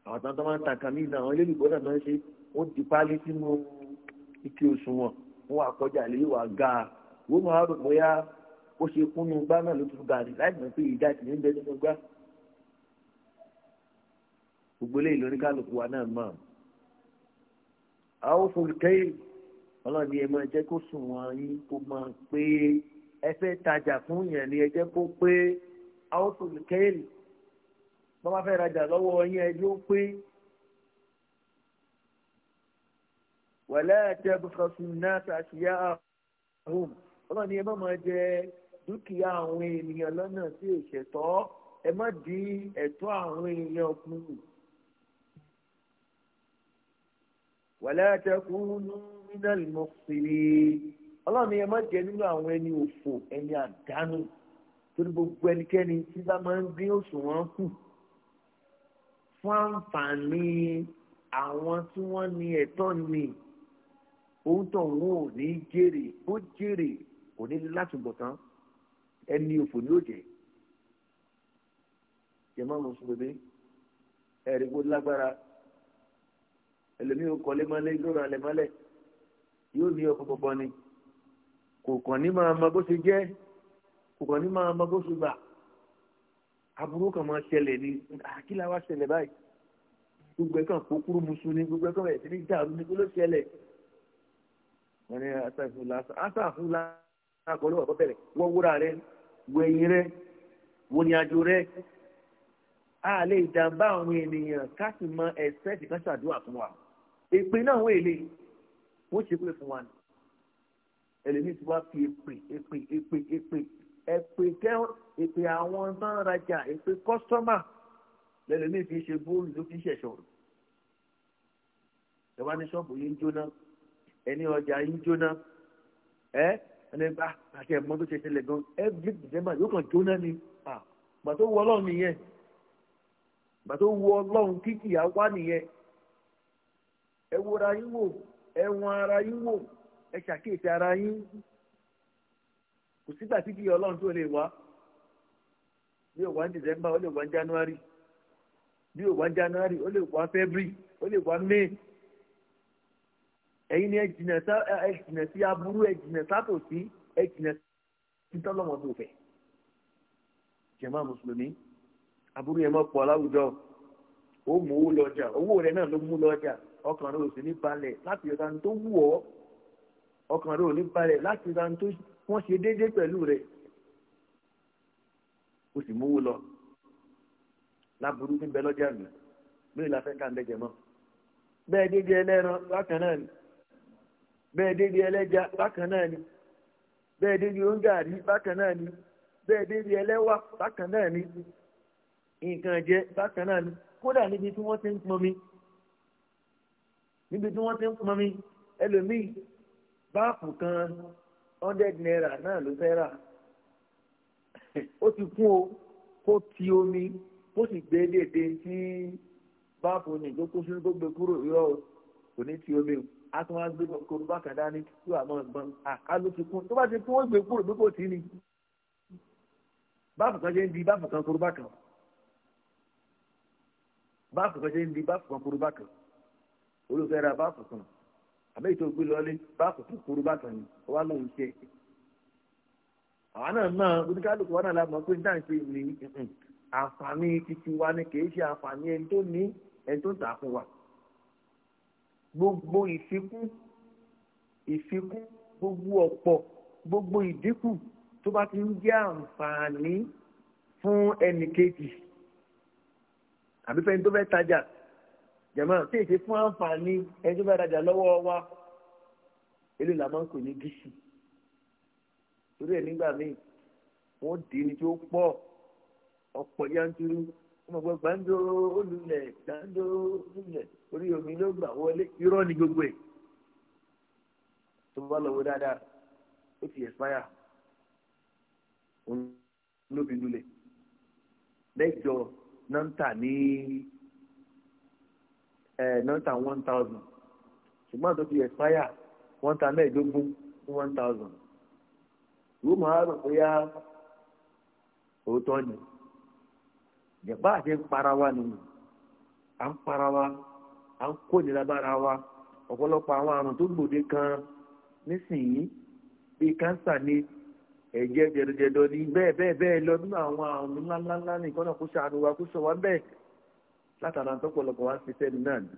àwọn tó máa ń tàn kàmí ìdá ilé ìgbọ́dọ̀ máa ń ṣe wọ́n di páálí sínú ike òsùn wọn wọn àkọjá lè wà ga wọn máa rò bóyá ó ṣe kúnnú gbá náà ló tún ga rè láì mọ̀ pé ìdá ti ń bẹ nínú gbá gbogbo eléyìí lórí kálukú wa náà mọ̀ àwọn fòlùkẹ́yì ọlọ́ọ̀ni ẹ máa jẹ́ kó sùn wọn yín kó máa pé ẹ fẹ́ tajà fún yẹn ni ẹ jẹ́ kó pé àwọn fòlùkẹ́yì bọ́n bá fẹ́ rajà lọ́wọ́ yín ẹ ló pé wàlá àtẹ̀bùkọ̀sù náà ṣàṣìyá àhùn ọlọ́run ni ẹ má máa jẹ dúkìá àwọn ènìyàn lọ́nà sí ìṣẹ̀tọ́ ẹ má di ẹ̀tọ́ àwọn èèyàn kù. wàlá àtẹ̀kùnú nínú ìmọ̀sílẹ̀ ọlọ́run ni ẹ má jẹ nínú àwọn ẹni òfò ẹni àdánù torí gbogbo ẹnikẹ́ni tí bá máa ń dín òṣùwọ̀n kù fún àǹfààní àwọn tí wọ́n ní ẹ̀tọ́ nìyí òun tàn òun ò ní jèrè bó jèrè kò ní láti bọ̀ tán ẹni òfò ní òjè jẹmọ́ àwọn mùsùlùmí ẹ̀rí kó lágbára ẹlòmí ò kọ́lé mọ́lé lóra lẹ̀ mọ́lẹ̀ yóò ní ọkọ̀ pọ̀pọ̀ ni kò kàn ní máa mọ bó ṣe jẹ́ kò kàn ní máa mọ bó ṣe gbà aburú kan máa ṣẹlẹ̀ ni àkílà wa ṣẹlẹ̀ báyìí gbogbo ẹ̀ kàn kó musu ni gbogbo ẹ̀ kàn bẹ̀rẹ̀ sí ní dàrú ni kó ló ṣẹlẹ̀ wọn ní asáfù lásán asáfù lásán kọ́ ló wà kọ́tẹ̀lẹ̀ wọ́n wúra rẹ wẹ̀yìn rẹ wọ́n rẹ a lè jàǹbá àwọn ènìyàn ká sì mọ ẹ̀sẹ̀ tí kan ṣàdúrà fún wa èpè náà wọ́n èlé wọ́n ṣe pé fún wa ni ẹlẹ́ni tí wàá fi èpè èpè èpè èpè èpè kẹ́ èpè àwọn náà rajà èpè kọ́sọ́mà lẹ́lẹ́ni fi ṣe bóòlù ló fi ṣẹ̀ṣọ̀ rẹ̀ ẹ̀ wá ní ṣọ́ọ̀bù yìí ń jóná ẹni ọjà yín jóná ẹ ẹni bá àti ẹ̀mọ́ tó ṣe ṣẹlẹ̀ gan every december yóò kàn jóná ni gbà tó wọ ọlọ́run nìyẹn gbà tó wọ ọlọ́run kíkì nìyẹn ẹ yín wò ẹ wọn ara yín wò ẹ ṣàkíyèsí ara yín kò sígbà tí kì í ọlọ́run tó lè wá bí wá ní december ó lè wá ní january bí wá ní january ó lè wá february ó lè wá may. ẹ̀yin ni ẹ jìnà sí aburú ẹ jìnà sátòsí ẹ jìnà títọ́lọ́mọdé òfẹ́ jàmá mùsùlùmí aburú yẹn mọ́ pọ̀ láwùjọ ó mú owó lọ́jà owó rẹ̀ náà ló mú lọ́jà ọkàn rẹ̀ ò sì ní balẹ̀ láti ọ̀dà tó wù ọ́ ọkàn rẹ̀ ò ní balẹ̀ láti ọ̀dà tó wọ́n ṣe déédéé pẹ̀lú rẹ̀ ó sì mú owó lọ láburú níbẹ̀ lọ́jà mi mí la fẹ́ ká ń bẹ jẹ mọ́ bẹ́ẹ̀ déédéé ẹlẹ́ran bákan náà ni bẹ́ẹ̀ débi ẹlẹ́ja bákan náà ni bẹ́ẹ̀ débi oúnjàrí bákan náà ni bẹ́ẹ̀ débi ẹlẹ́wà bákan náà ni nǹkan jẹ bákan náà ni kódà níbi tí wọ́n ti ń pọnmi níbi tí wọ́n ti ń pọnmi ẹlòmíì báàpù kan hundred naira náà ló fẹ́ rà ó ti kún o kó ti omi kó sì gbé dédé tí báàpù ní tó kó sínú tó gbé kúrò irọ́ kò ní ti omi o a tún wá gbé korobá kan dání tí wàá máa gbọ́n àkálù ti kún tó bá ti kún ó gbé kúrò pé kò tí ni báàfù kan ṣe ń di báàfù kan korobá kan báàfù kan ṣe ń di báàfù kan korobá kan olùfẹ́ ra báàfù kan àbẹ́yìí tó gbé lọ́lé báàfù kan korobá kan ni ó wá lóun ṣe àwọn náà náà oníkálukú wọn náà la pé ní dáhùn sí ni àǹfààní titi wa ni kì í ṣe àǹfààní ẹni tó ní ẹni tó ń tà fún wa gbogbo ìfikún ìfikún gbogbo ọ̀pọ̀ gbogbo ìdínkù tó bá ti ń jẹ́ àǹfààní fún ẹnì kejì àbí fẹ́ni tó fẹ́ tajà jẹ̀mọ́ tí èsì fún àǹfààní ẹni tó fẹ́ tajà lọ́wọ́ wa eléyìí la máa ń pè ní gíṣì torí ẹ̀ nígbà míì wọ́n dì í ní tí ó pọ̀ ọ̀pọ̀ yanturu ọmọ gbàǹdó olùlẹ̀ gbàǹdó olùlẹ̀ orí omi ló gbà wọlé irọ́ ni gbogbo ẹ̀ tó bá lọ wo dáadáa ó ti ẹ̀spáyà olóbi lulẹ̀ mẹ́jọ nọ́ńtà ní nọ́ńtà one thousand ṣùgbọ́n tó ti wọ́n ta mẹ́ẹ̀ẹ́dógún one thousand òótọ́ bá àṣẹ ń para wa nìyí à ń para wa à ń kó nira bára wa ọ̀pọ̀lọpọ̀ àwọn àrùn tó gbòde kan nísìnyí bíi kánsà ni ẹ̀jẹ̀ jẹ̀dọ̀jẹ̀dọ̀ ni bẹ́ẹ̀ bẹ́ẹ̀ bẹ́ẹ̀ lọ nínú àwọn àrùn ńláńláńlá ní ìkọ́nà kó ṣàánú wa kó sọ wá bẹ́ẹ̀ látara tó pọ̀lọpọ̀ wá sí sẹ́nu náà ni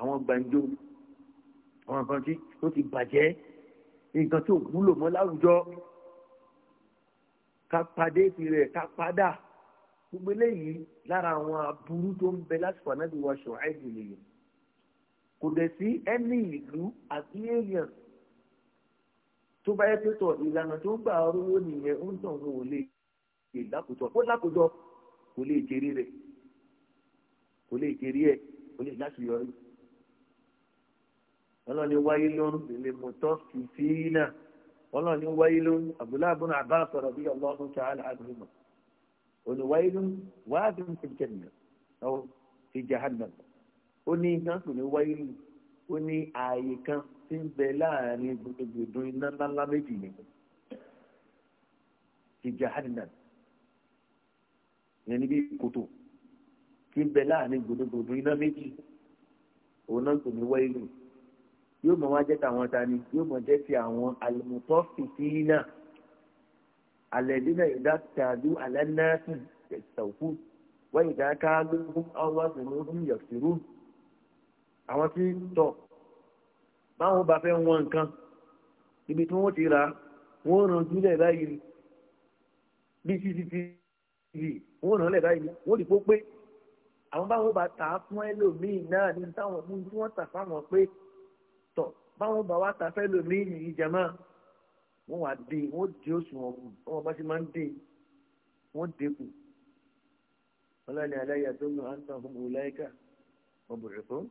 àwọn gbàǹjo àwọn nǹkan tí ó ti bàjẹ́ nǹkan tí ò wúlò mọ́ láwùjọ ká padé tirẹ̀ ká padà gbogbo eléyìí lára àwọn aburú tó ń bẹ lásìkò ànábì wa ṣọ̀ẹ́dì nìyẹn kò dẹ̀ sí ẹni ìlú àti èèyàn tó bá yẹ pé tọ̀ ìlànà tó ń gbà rówó nìyẹn ń tàn wọn ò lè lè lákòótọ́ ó lákòótọ́ kò lè jèrè rẹ̀ kò lè jèrè ẹ̀ kò lè láṣeyọrí ọlọ́ni wáyé lóhùn lè mú tọ́ fìfì náà ọlọ́ni wáyé lóhùn Abdullahi ibn Abbas radiyallahu ta'ala anhuma ó ní wáyélún wáyélún fi jẹnìyà ọ fi jahannam ó ní iná kò ní wáyélún ó ní ààyè kan tí ń bẹ láàrin gbogbogbò iná ńláńlá méjì ni fi jahannam yẹn níbi kòtò tí ń bẹ láàrin gbogbogbò iná méjì òun náà kò ní wáyélún yóò mọ wá jẹ́ tàwọn ta ni yóò mọ jẹ́ ti àwọn àlùmọ́tọ́fì sí náà alẹ́dínà ìdákàdú alẹ́nẹ́sì ìṣàwùkú wọ́n ìdáká lóhùn ọwọ́ ìmúhùn yọ̀sìrú àwọn tí ń tọ̀ báwọn bá fẹ́ wọn nǹkan ibi tí wọ́n ti ra wọ́n ràn júlẹ̀ báyìí bí cctv wọ́n ràn lẹ̀ báyìí wọ́n lè kó pé àwọn báwọn bá tà á fún ẹlòmíì náà ní táwọn mú tí wọ́n tà fáwọn pé tọ̀ báwọn bá wá tà fẹ́ lòmíì nìyí wọ́n wá dé wọ́n dé òṣùwọ̀n kù wọ́n bá ti máa ń dé wọ́n dé kù ọlọ́ni aláya tó ń lọ àǹtà fún gbogbo láyíká ọ̀bùrẹ̀ fún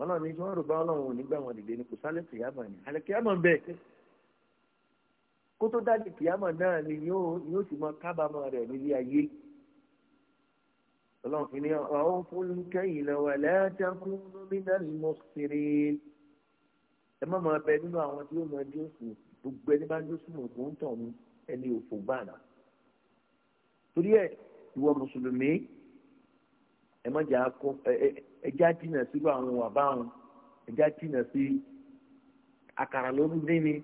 ọlọ́ni tí wọ́n rò bá ọlọ́run òní wọn dìde ni kò sálẹ̀ kìyàmà ni alẹ́ kìyàmà ń bẹ̀ kó tó dájú kìyàmà náà ni yóò sì mọ kábàámọ̀ rẹ̀ nílé ayé ọlọ́run fi ní ọ̀hún fún kẹ́yìn lọ́wọ́ ẹlẹ́tẹ̀kùn lómìnà mọ́sírìn ẹ má máa bẹ nínú àwọn tí ó gbogbo ẹni bá ló sùn òkú ń tàn mí ẹni òfò gbàànà torí ẹ ìwọ mùsùlùmí ẹ má jà kó ẹjá jìnnà sílùú àwọn òwà báwọn ẹjá jìnnà sí àkàrà ló ń dín ni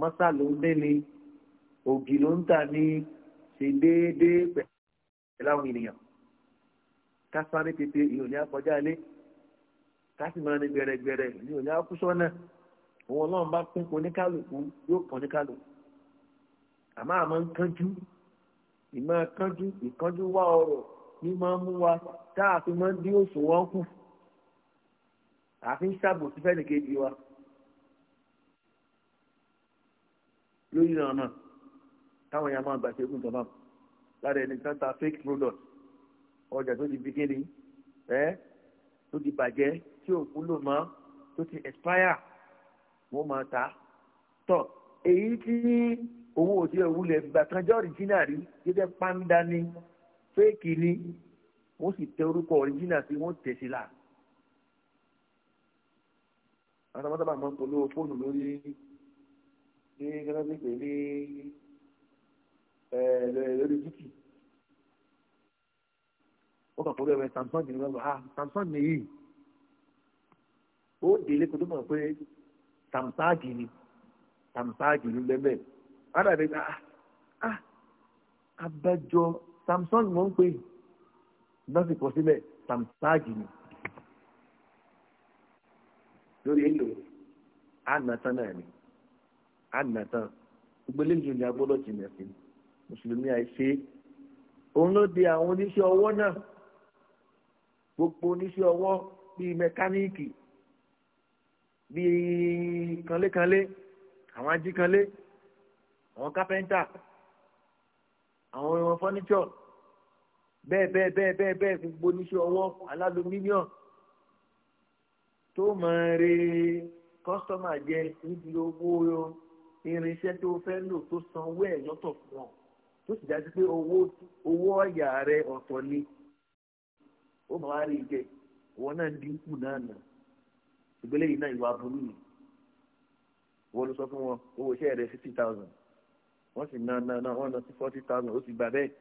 mọ́sá ló ń dín ni ògì ló ń tà ní ṣe déédéé pẹ̀lú àwọn ènìyàn ká tètè ìròyìn akọjá ilé ká ní gbẹrẹgbẹrẹ ìròyìn akúṣọ náà òun ọlọ́run bá pín oníkálukú yóò pọ̀ oníkálukú àmọ́ àmọ́ ń kánjú ìmọ̀ kánjú ìkánjú wá ọ̀rọ̀ ní máa ń mú wa tá a fi máa ń dín òṣùwọ̀n kù àfi ń ṣàbòsí fẹ́nìkejì wa lórí ìran náà táwọn èèyàn máa gbàṣẹ́ ogun jọba lára ẹni kan ta fake product ọjà tó ti bikini ẹ tó ti bàjẹ́ tí ò wúlò mọ́ tó ti expire wọ́n máa ta tọ̀ èyí tí owó òsì òwúlẹ̀ ìgbà kan jẹ́ ọ̀ríjínà rí jẹ́jẹ́ pàǹdà ni fẹ́ẹ̀kì ni wọ́n sì tẹ orúkọ ọ̀ríjínà sí wọ́n tẹ̀ sí là. àtàwọn sábà máa ń polówó fóònù lórí ní gẹ́gẹ́ bí pé ní lórí títì ó kàn polówó ẹ̀ samsung ni wọ́n lọ ha ah, samsung nìyí ó délé kó tó mọ̀ pé tàmsáàkì ni tàmsáàkì ah, ah, ni bẹ́ẹ̀ bẹ́ẹ̀ ádàbí ká ah abájọ samsung mọ̀ ń pè nọ́ọ̀sì pọ̀ sílẹ̀ tàmsáàkì ni lórí èlò ànàtán náà ni ànàtán gbogbo eléyìí ni agbọ́dọ̀ jìnnà sí mùsùlùmí àìṣe òun ló di àwọn oníṣẹ́ ọwọ́ náà gbogbo oníṣẹ́ ọwọ́ bíi mẹkáníìkì bíi kanlékanlé àwọn ajíkanlé àwọn kápẹ́ńtà àwọn fọ́níṣọ̀ bẹ́ẹ̀ bẹ́ẹ̀ bẹ́ẹ̀ bẹ́ẹ̀ bẹ́ẹ̀ gbogbo oníṣẹ́ ọwọ́ alálùmíníọ̀ tó máa re kọ́sọ́mà jẹ níbi owó irinṣẹ́ tó fẹ́ lò tó sanwó ẹ̀ lọ́tọ̀ fún ọ tó sì dájú pé owó owó ọ̀yà rẹ ọ̀tọ̀ ni ó máa rí jẹ ìwọ náà dínkù náà náà ìgbélé yìí náà ìwà burú yìí wọ́n ló sọ fún wọn owó iṣẹ́ rẹ̀ fifty thousand wọ́n sì náà náà náà wọ́n lọ sí forty thousand ó sì gbà bẹ́ẹ̀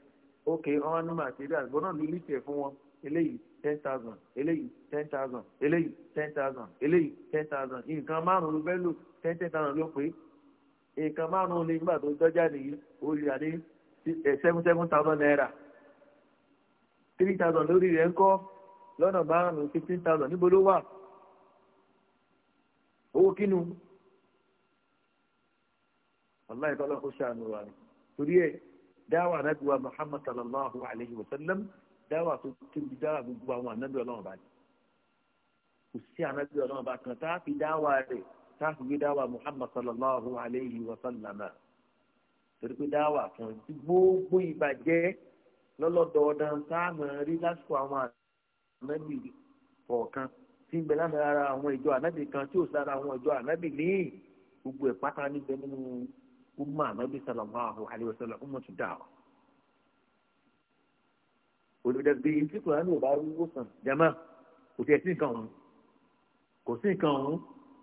ok wọ́n ní material gbọ́dọ̀ ní ilé tẹ̀ fún wọn eléyìí ten thousand eléyìí ten thousand eléyìí ten thousand eléyìí ten thousand nǹkan márùn-ún bẹ́ẹ̀ lò ten ten thousand ló pé nǹkan márùn-ún ní nígbà tó dọ́jà nìyí ó lè àdé seven seven thousand naira three thousand lórí rẹ̀ ń kọ́ lọ́nà márùn-ún fifteen thousand níbo ló wà owó kínú wàláyé tọ́lá kó ṣàánú wa ni torí ẹ dáwà anábìwá muhammad sallallahu alayhi wa sallam dáwà tó tóbi dáwà gbogbo àwọn anábìwá ọlọ́run bá ní kò sí anábìwá ọlọ́run bá kan tá a fi dáwà rẹ̀ tá a fi gbé dáwà muhammad sallallahu alayhi wa sallam torí pé dáwà kan tí gbogbo ìbàjẹ́ lọ́lọ́dọọdán tá a rí lásìkò àwọn anábìwá kọ̀ọ̀kan tí ń bẹ lára àwọn ìjọ ànábì kan tí ò sára àwọn ìjọ ànábì míì gbogbo ẹ̀ pátá níbẹ̀ nínú umma ànábì sallallahu alaihi wasallam ummatu da'wa. olùdẹ̀bí tí kùránì ò bá rí wòsàn jama kò tiẹ̀ sí nǹkan ọ̀hún kò sí nǹkan ọ̀hún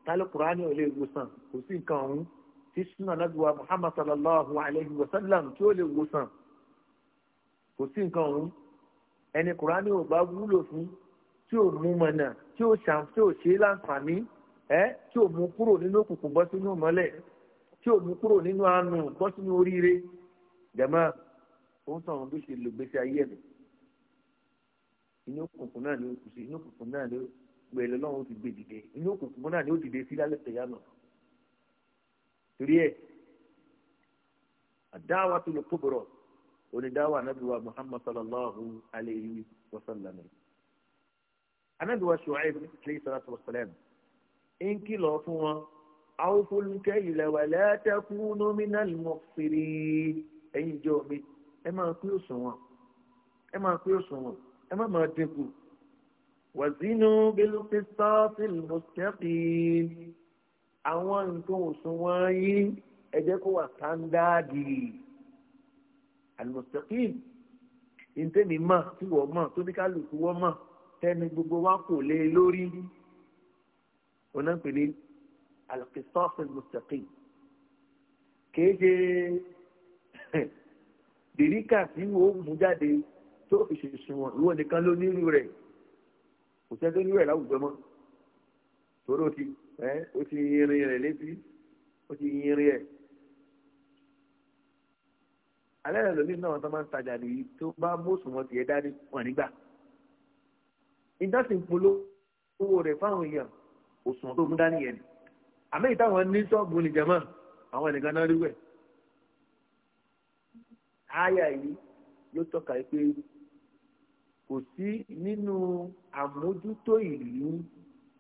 tálẹ̀ kùránì ò lè wòsàn kò sí nǹkan ọ̀hún tí sunan nàbíwá muhammad sallallahu alaihi wasallam tí ó lè wòsàn kò sí nǹkan ọ̀hún ẹni kùránì ò wúlò fún tí ò mú mọ̀nà tí ò ṣàn tí ò ṣe láǹfààní ẹ tí ò mú kúrò nínú òkùnkùn bọ́ sínú mọ́lẹ̀ tí ò mú kúrò nínú àánú bọ́ sínú oríire jẹ̀mọ́ ó ń sọ̀rọ̀ bí ṣe lògbèsè ayé ẹ̀ inú òkùnkùn náà ni ó kù sí inú òkùnkùn náà ni ó gbẹ̀lẹ̀ ti gbé dìde inú òkùnkùn náà ni ó dìde sí lálẹ́ tẹ̀yà náà torí àdáwà tó anábìwá Shu'aib alayhi salatu wa salam ń kìlọ̀ fún wọn awful kayla wa la takunu minal muqsirin ẹ̀yin ìjọ mi ẹ máa pín òṣùwọ̀n ẹ máa pín òṣùwọ̀n ẹ má máa dínkù wazinu bil qistasil mustaqim àwọn nǹkan òṣùwọ̀n yín ẹ jẹ́ kó wà sándáàdì al-mustaqim ìtẹ́mi mọ̀ tí wọ́n mọ̀ tóbi kálukú wọ́n mọ̀ tẹ́ni gbogbo wa kò lé lórí onápele al-qisas al-mustaqim kéde dèríkà tí wo mú jáde tó fi ṣèṣù wọn ìwọ nìkan ló nílùú rẹ̀ kò sẹ́ni tó nílùú rẹ̀ láwùjọ mọ́ torí o ti ẹ́ o ti irin rẹ̀ létí o ti irin ẹ̀ alẹ́ rẹ̀ lómi náà wọ́n tó máa ń tajà nìyí tó bá mú òṣùwọ̀n tiẹ̀ dání wọn nígbà ìdásí polówó rẹ̀ fáwọn èèyàn òṣùwọ̀n tó mú dání yẹn àmì ìtàwọn ní sọ́ọ̀bù ní jẹ̀mọ́ àwọn ènìyàn náà rí wẹ̀. àyà yìí ló tọ́ka pé kò sí nínú àmójútó ìlú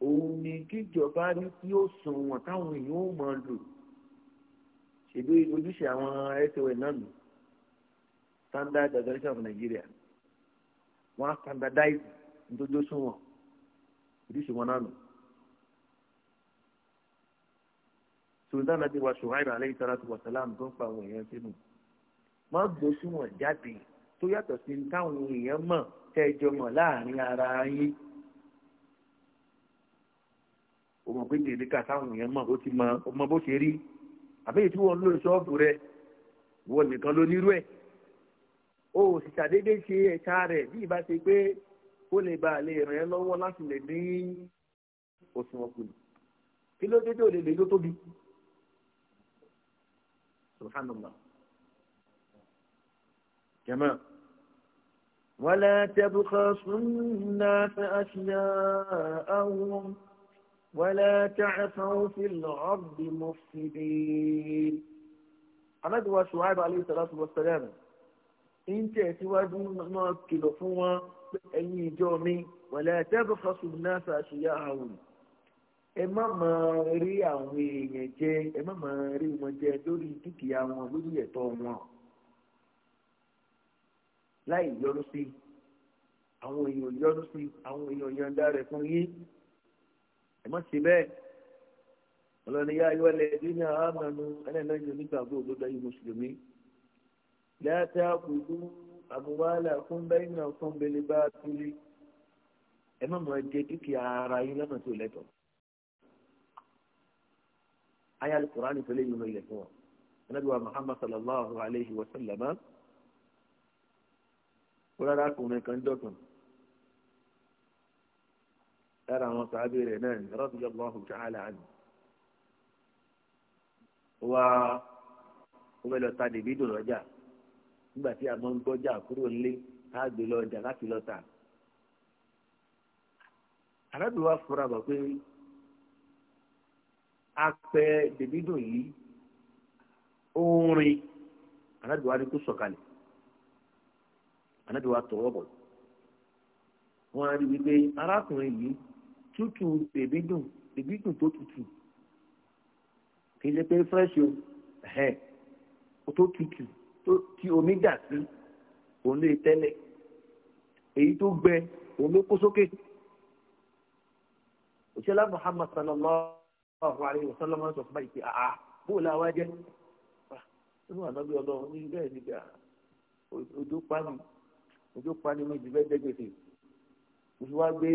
òun ni kíjọba ní kí ó sunwọ̀n táwọn èèyàn ó mọ̀ lò ṣèlú ojúṣe àwọn ẹsẹ̀wẹ̀ náà nù standard organization of Nigeria wọ́n á standardize nítorí ó súnwọ̀n ìdíṣe wọn nánu. sùdán náà ti wá ṣùháìrì alayhi salatu wa salam tó ń pa àwọn èèyàn sínú. má gbó súnwọ̀n jáde tó yàtọ̀ sí táwọn èèyàn mọ̀ tẹ́jọ mọ̀ láàrin ara yín. o mọ̀ pé jèdèkà táwọn èèyàn mọ̀ ó ti mọ ọmọ bó ṣe rí àbẹ́yẹ tí wọ́n ń lò ṣọ́ọ̀bù rẹ̀ wọ́n nìkan ló ẹ̀. o sì ṣàdédé ṣe ẹ̀ka rẹ̀ bí ìbá ṣe pé kó lè ba àlè ràn ẹ́ lọ́wọ́ láti lè dín òṣùwọ̀n kù kí ló dé tó lè lè ló tóbi subhanallah jama wala tabkhasu an-nasa ashya'ahum wala ta'thaw fil ardi mufsidin Ànábì wa Ṣuaibu alayhi salatu wa salam ń tẹ̀síwájú máa kìlọ̀ fún wọn ẹ̀yin ìjọ mi wala tabkhasu an-nasa ashya'ahum ẹ má máa rí àwọn èèyàn jẹ ẹ má máa rí wọn jẹ lórí dúkìá wọn lórí ẹ̀tọ́ wọn láì yọrù sí àwọn èèyàn yọrù sí àwọn èèyàn yọ̀ǹda rẹ̀ fún yín ẹ má ṣe bẹ́ẹ̀ ọlọ́ni yá ayọ́ ẹlẹ́ ẹ̀dín náà á mọ̀ ẹlẹ́ni náà yóò nígbàgbọ́ òdodo ayé mùsùlùmí lẹ́yà àgùwálà fún bẹ́yìn náà fún bẹ́lẹ́ bá túlé ẹ má máa jẹ dúkìá ara yín lọ́nà tó lẹ́tọ̀ọ́ aya alukur'an tó lè yọ̀nà ilẹ̀ fún wa anabi wa muhammad sallallahu alayhi wa sallam kúrẹ́rẹ́ akùnrin kan dọ̀tun lára àwọn sàábì náà ní radiyallahu ta'ala anhu wa ó fẹ́ lọ ta dèbí dùn lọ́jà nígbà tí a máa ń gbọ́jà kúrò nílé tá a gbé lọ ọjà láti lọ tà. arábìnrin wa fura bọ̀ pé apẹ dèbídùn yìí ó ń rin arábìnrin wa ní kó sọ̀kalẹ̀ anábìnrin wa tọwọ́ bọ̀ wọ́n á rí wípé arákùnrin yìí tútù dèbídùn dèbídùn tó tútù kì í ṣe pé fresh o ẹ̀hẹ́ o tó tútù tó ti omi dà sí òun lè tẹ́lẹ̀ èyí tó gbẹ òun ló kó sókè òṣèlá muhammad sallallahu Alaihi wa sallam sọ fún báyìí pé àá bó la wá jẹ nínú ah, ànábì ọlọ́run ní bẹ́ẹ̀ ni bí ah, ojú pani ojú pani méjì bẹ́ẹ̀ dẹ́gbẹ̀sẹ̀ oṣù wa gbé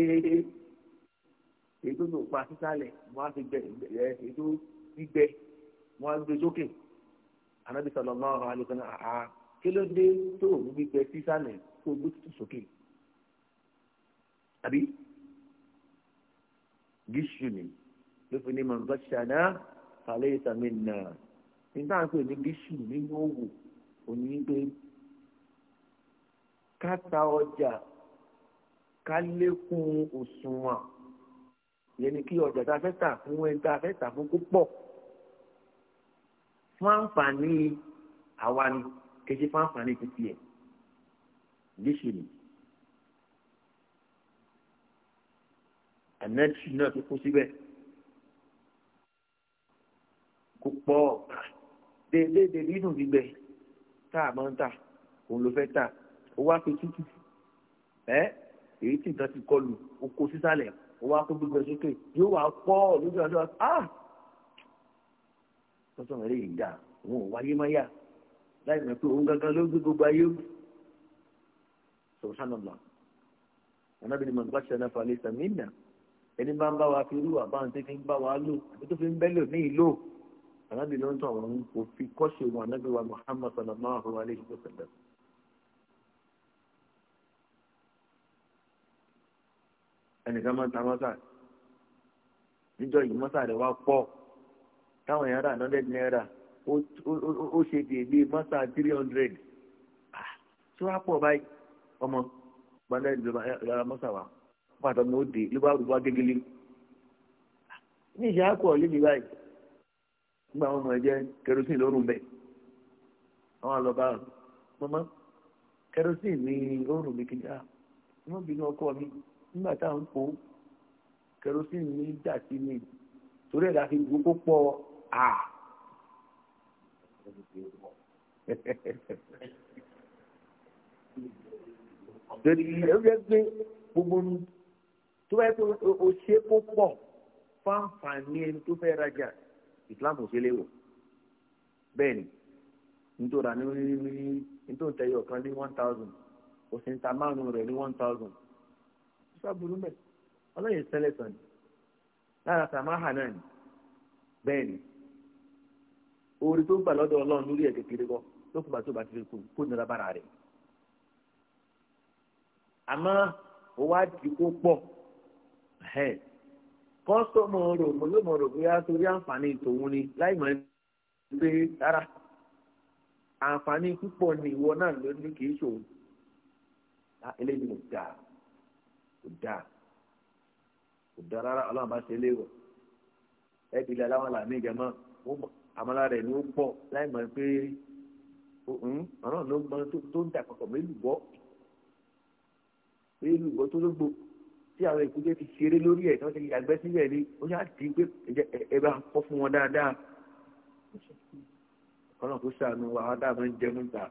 èyí tó lò pa sísàlẹ̀ wọ́n á fi gbẹ èyí tó gbígbẹ wọ́n á gbé sókè anábì sallallahu alaihi wasallam àá kí ló dé tó òun gbígbẹ sísàlẹ̀ tó gbé tutù sókè àbí gíṣù ni ló fi ní man ghashana falaysa minna nígbà pé ní gíṣù nínú òwò òní gbé ká ọjà ká lékún yẹn ni kí ọjà tá a fẹ́ tà fún ẹni tá a fẹ́ tà fún kó fún àǹfààní àwa ni kejì fún àǹfààní títí ẹ̀ níṣẹ́ ni. ànẹ́tì náà tó kó síbẹ̀ kó pọ̀ déédéé nínú gbígbẹ tá a máa ń tà òun ló fẹ́ tà ó wá fi tútù ẹ́ èyí tí nǹkan ti kọlù ó kó sísàlẹ̀ ó wá kó gbígbẹ sókè yóò wá pọ̀ lójú ọjọ́ ah tọ́sán rẹ̀ yìí dà wọn ò wáyé má yá láì mọ̀ pé òun gangan ló ń gbé gbogbo ayé sọ̀rọ̀sánàlá anábìrin mọ̀ nípa ṣẹlẹ̀ falẹ̀ sàmínà ẹni bá ń bá wa fi rú àbáhùn tí fi ń bá wa lò àbí tó fi ń bẹ́lò ní ìlò anábìrin ló ń tàn wọn kò fi kọ́ṣe wọn anábìrin wa muhammad sallallahu alayhi wa sallam. ẹnìkan máa ń ta mọ́sà níjọ yìí mọ́sà rẹ̀ wá pọ̀. táwọn èèyàn rà hundred naira ó ṣe dèbè mọ́tà three hundred ah, tí wọ́n á pọ̀ báyìí ọmọ gbọ́dọ̀ ìjọba mọ́tà wa pàtó ni ó dé ló bá ah, ní ìṣe lébi báyìí nígbà wọn mọ̀ orun mi kìí wọ́n ah, ọkọ mi nígbà táwọn kerosene ní la gbogbo à ah. torí ó jẹ́ pé gbogbo ní tó bá yẹ pé o ṣe kó pọ̀ fáǹfààní ẹni tó fẹ́ rajà ìsìláàmù ṣe léwọ̀ bẹ́ẹ̀ ni nítorà ní nítorí tẹ̀yọ̀ kan ní one thousand òsìntà márùn-ún rẹ̀ ní one thousand sábúrú mẹ́ ọlọ́yin sẹ́lẹ̀ sàn ní lára sàmáhà náà ni bẹ́ẹ̀ ni orí tó gbà lọ́dọ̀ ọlọ́run lórí ẹ̀ kékeré kọ́ ló kó bàtó bàtí kó kó nira bára rẹ̀ àmọ́ ó wá di kó pọ̀ kọ́sọ́mọ̀ rò mo ló mọ̀ rò bóyá torí àǹfààní tòun ni láì mọ̀ pé rárá àǹfààní púpọ̀ ni ìwọ náà ló ní kì í ṣòwò ah, eléyìí kò dáa kò dáa kò dáa rárá ọlọ́run bá ṣe léwọ̀ ẹ ti lè aláwọn làmì ìjẹmọ́ àmàlà rẹ̀ ni ó bọ̀ láì mọ̀ pé ọ̀nà ló mọ tó ń dàpapọ̀ mélùbọ́ mélùbọ́ tó ló gbó tí àwọn ìkúté ti ṣeré lórí ẹ̀ tí wọ́n ti yàgbẹ́ síbẹ̀ ni ó yà dì í pé ẹ bá kọ́ fún wọn dáadáa ọ̀nà kó sànù àwọn dáàbò ń jẹun gbà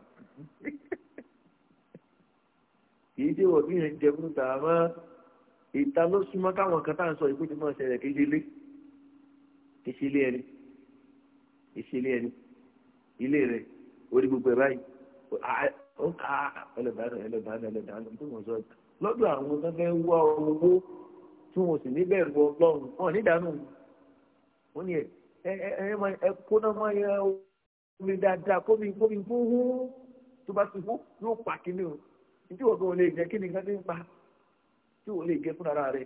kìí dé wọ̀ bí yẹn ń jẹun gbà mọ́ ìta ló súnmọ́ káwọn kan tá à ń sọ ìkúté máa ṣẹlẹ̀ kéjele kéjele ẹni ìṣẹ̀lẹ̀ ẹni ilé rẹ orí gbogbo ẹ báyìí ó ká ẹlẹbàánà ẹlẹbàánà ẹlẹbàánà tó wọn sọ lọ́dọ̀ àwọn tó fẹ́ẹ́ wá owó tí wọn sì níbẹ̀rù Ọlọ́run wọn nídàánú wọn ni ẹ ẹ ẹ ẹ kó náà máa yẹ omi dáadáa kómi kómi fún hún tó bá ti hún yóò pa kíní o tí wọn kò lè jẹ kíni kan ní pa tí wọn lè jẹ fúnra rẹ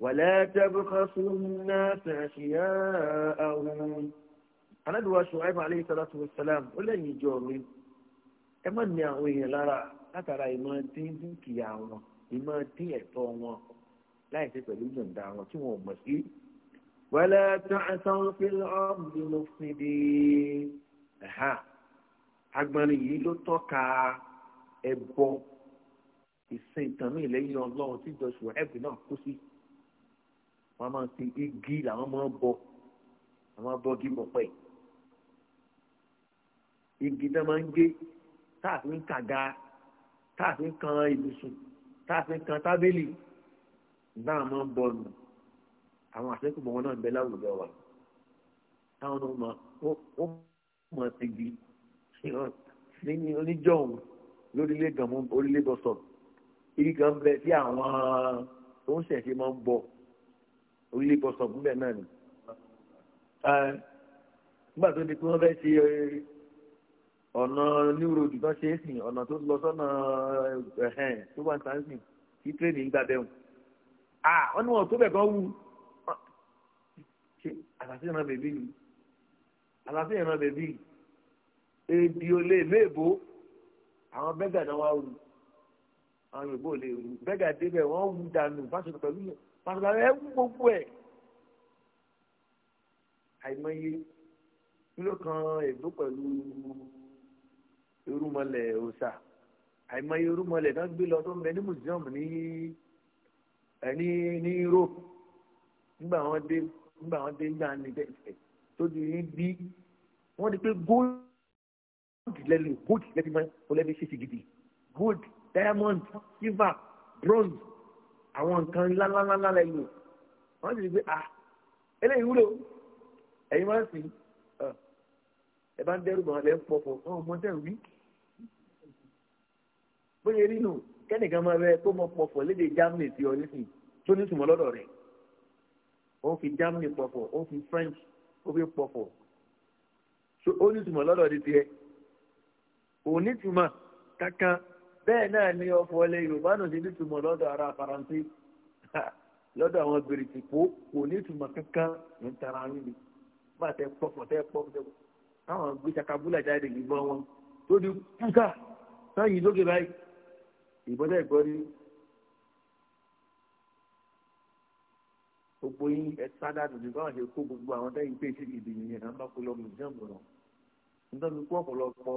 ولا تبخسوا الناس أشياءهم Ànábì wa Ṣuaibu alayhi salatu wa salam ó lẹ́yìn ìjọ mi ẹ má ní àwọn èèyàn lára látara ìmọ̀ dín dúkìá wọn ìmọ̀ dín ẹ̀tọ́ wọn láì ṣe pẹ̀lú ìjọ̀ǹda wọn tí wọn ò mọ̀ sí. wala ta'thaw fil ardi mufsidin agbọ̀nrin yìí ló tọ́ka ẹ̀bọ ìsìn ìtàn mi lẹ́yìn ọlọ́run tí ìjọ Ṣuaibu náà kú sí wọ́n máa fi igi làwọn máa bọ àwọn abọ́gi bọ̀pẹ́ igi tó máa ń gé táàfin ń kàga táàfin kan ibùsùn táàfin kan tábìlì náà máa ń bọ nù àwọn àṣekùbọ̀ wọn náà ń bẹ láwùjọ wa táwọn náà máa ó máa ti di ní oníjọ́hún lórílẹ̀-èdè orílẹ̀-èdè sọ̀rọ̀ igi kan bẹ tí àwọn tó ń ṣẹ̀ṣẹ̀ máa ń bọ̀ orílẹ̀ èdè bọ́sọ̀ gúnbẹ̀ náà ni. nígbà tó di pé wọ́n fẹ́ ṣe ọ̀nà new road tó ṣe é sìn ọ̀nà tó lọ sọ́nà tó wà sáǹsì tí tírèdì ń gbàbẹ̀ wọn. wọ́n ní wọn tó bẹ̀ kọ́ wù ṣe àlàáfíà náà bèbí yìí àlàáfíà náà bèbí yìí èdè olè léèbó àwọn bẹ́gà náà wà wù àwọn Yorùbá olè wù bẹ́gà débẹ̀ wọ́n wù dànù fásitì pẹ̀lú yẹn pàṣẹ ẹ wú gbogbo ẹ àìmọye kíló kan èdò pẹ̀lú irúmọlẹ̀ òòṣà àìmọye irúmọlẹ̀ náà gbé lọ tó ń bẹ ní museum ní ní ní Europe nígbà wọn dé nígbà wọn dé nígbà ní tẹ̀sẹ̀ tó di ní bí wọ́n di pé gold lẹ́nu gold lẹ́nu mọ́ ọlẹ́bí ṣe ṣe gidi gold diamond silver bronze àwọn nǹkan ńláńláńlá lẹ lò wọ́n sì rí pé ah eléyìí wúlò ẹ̀yin máa ń sìn ẹ bá ń dẹ́rù bọ̀ lẹ́ ń pọ̀pọ̀ wọn ò mọ tẹ̀ wí. bóyá rí nù kẹ́nìkan máa rẹ tó mọ pọ̀pọ̀ léde germany sí ọ nísìn tó ní sùnmọ́ lọ́dọ̀ rẹ̀ ó fi germany pọ̀pọ̀ ó fi french ó fi pọ̀pọ̀ ó ní sùnmọ́ lọ́dọ̀ di tiẹ̀ òní tuma kankan bẹ́ẹ̀ náà ni ọ̀pọ̀ ilẹ̀ yorùbá náà ti nítumọ̀ lọ́dọ̀ ara faransé lọ́dọ̀ àwọn gbèrèsì kó kò nítumọ̀ kankan ní tara yín ni bá tẹ pọ̀pọ̀ tẹ pọ̀pọ̀ táwọn gbé sakabula jáde ìbọn wọn tó di kúkà sáyìn lókè báyìí ìbọn tẹ gbọ́ rí gbogbo yín ẹ sádà dùdú báwọn ṣe kó gbogbo àwọn tẹ́yìn pé ṣe ìdì nìyẹn náà bá kó lọ mí jẹ́ ọ̀rọ̀ nítorí kó ọ̀pọ̀lọpọ̀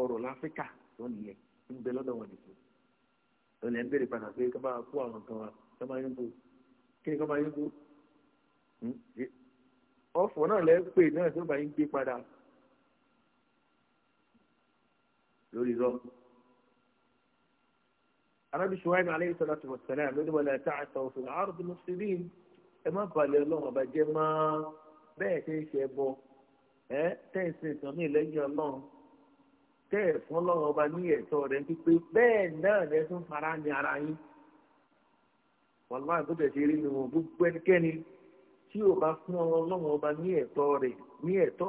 ọ̀rọ̀ láfíríkà tó nìyẹn. ń bẹ lọ́dọ̀ wọn nìkan ìrìnlẹ̀ ń bèrè padà pé ká àwọn nǹkan wa kama máa yín kini kama ni ká máa hmm? náà lẹ́ pè náà tó bá gbé padà lórí rọ. n'o ṣùgbọ́n àmì aláìsàn láti wọ̀ sẹ́lẹ̀ lórí wọlé ẹ̀ta àṣà òfin àrùn tó ṣe rí balẹ̀ ọlọ́run ọba jẹ́ máa bẹ́ẹ̀ ṣe é ṣe ẹ bọ ẹ tẹ̀sí ìtàn tẹ́ ẹ̀ fún ọlọ́run ọba ní ẹ̀tọ́ rẹ̀ pípé bẹ́ẹ̀ náà lẹ́ tún fara ní ara yín wàláì bó tẹ̀ ṣe rí ni wọn gbogbo ẹnikẹ́ni tí ò bá fún ọlọ́run ọba ní ẹ̀tọ́ rẹ̀ ní ẹ̀tọ́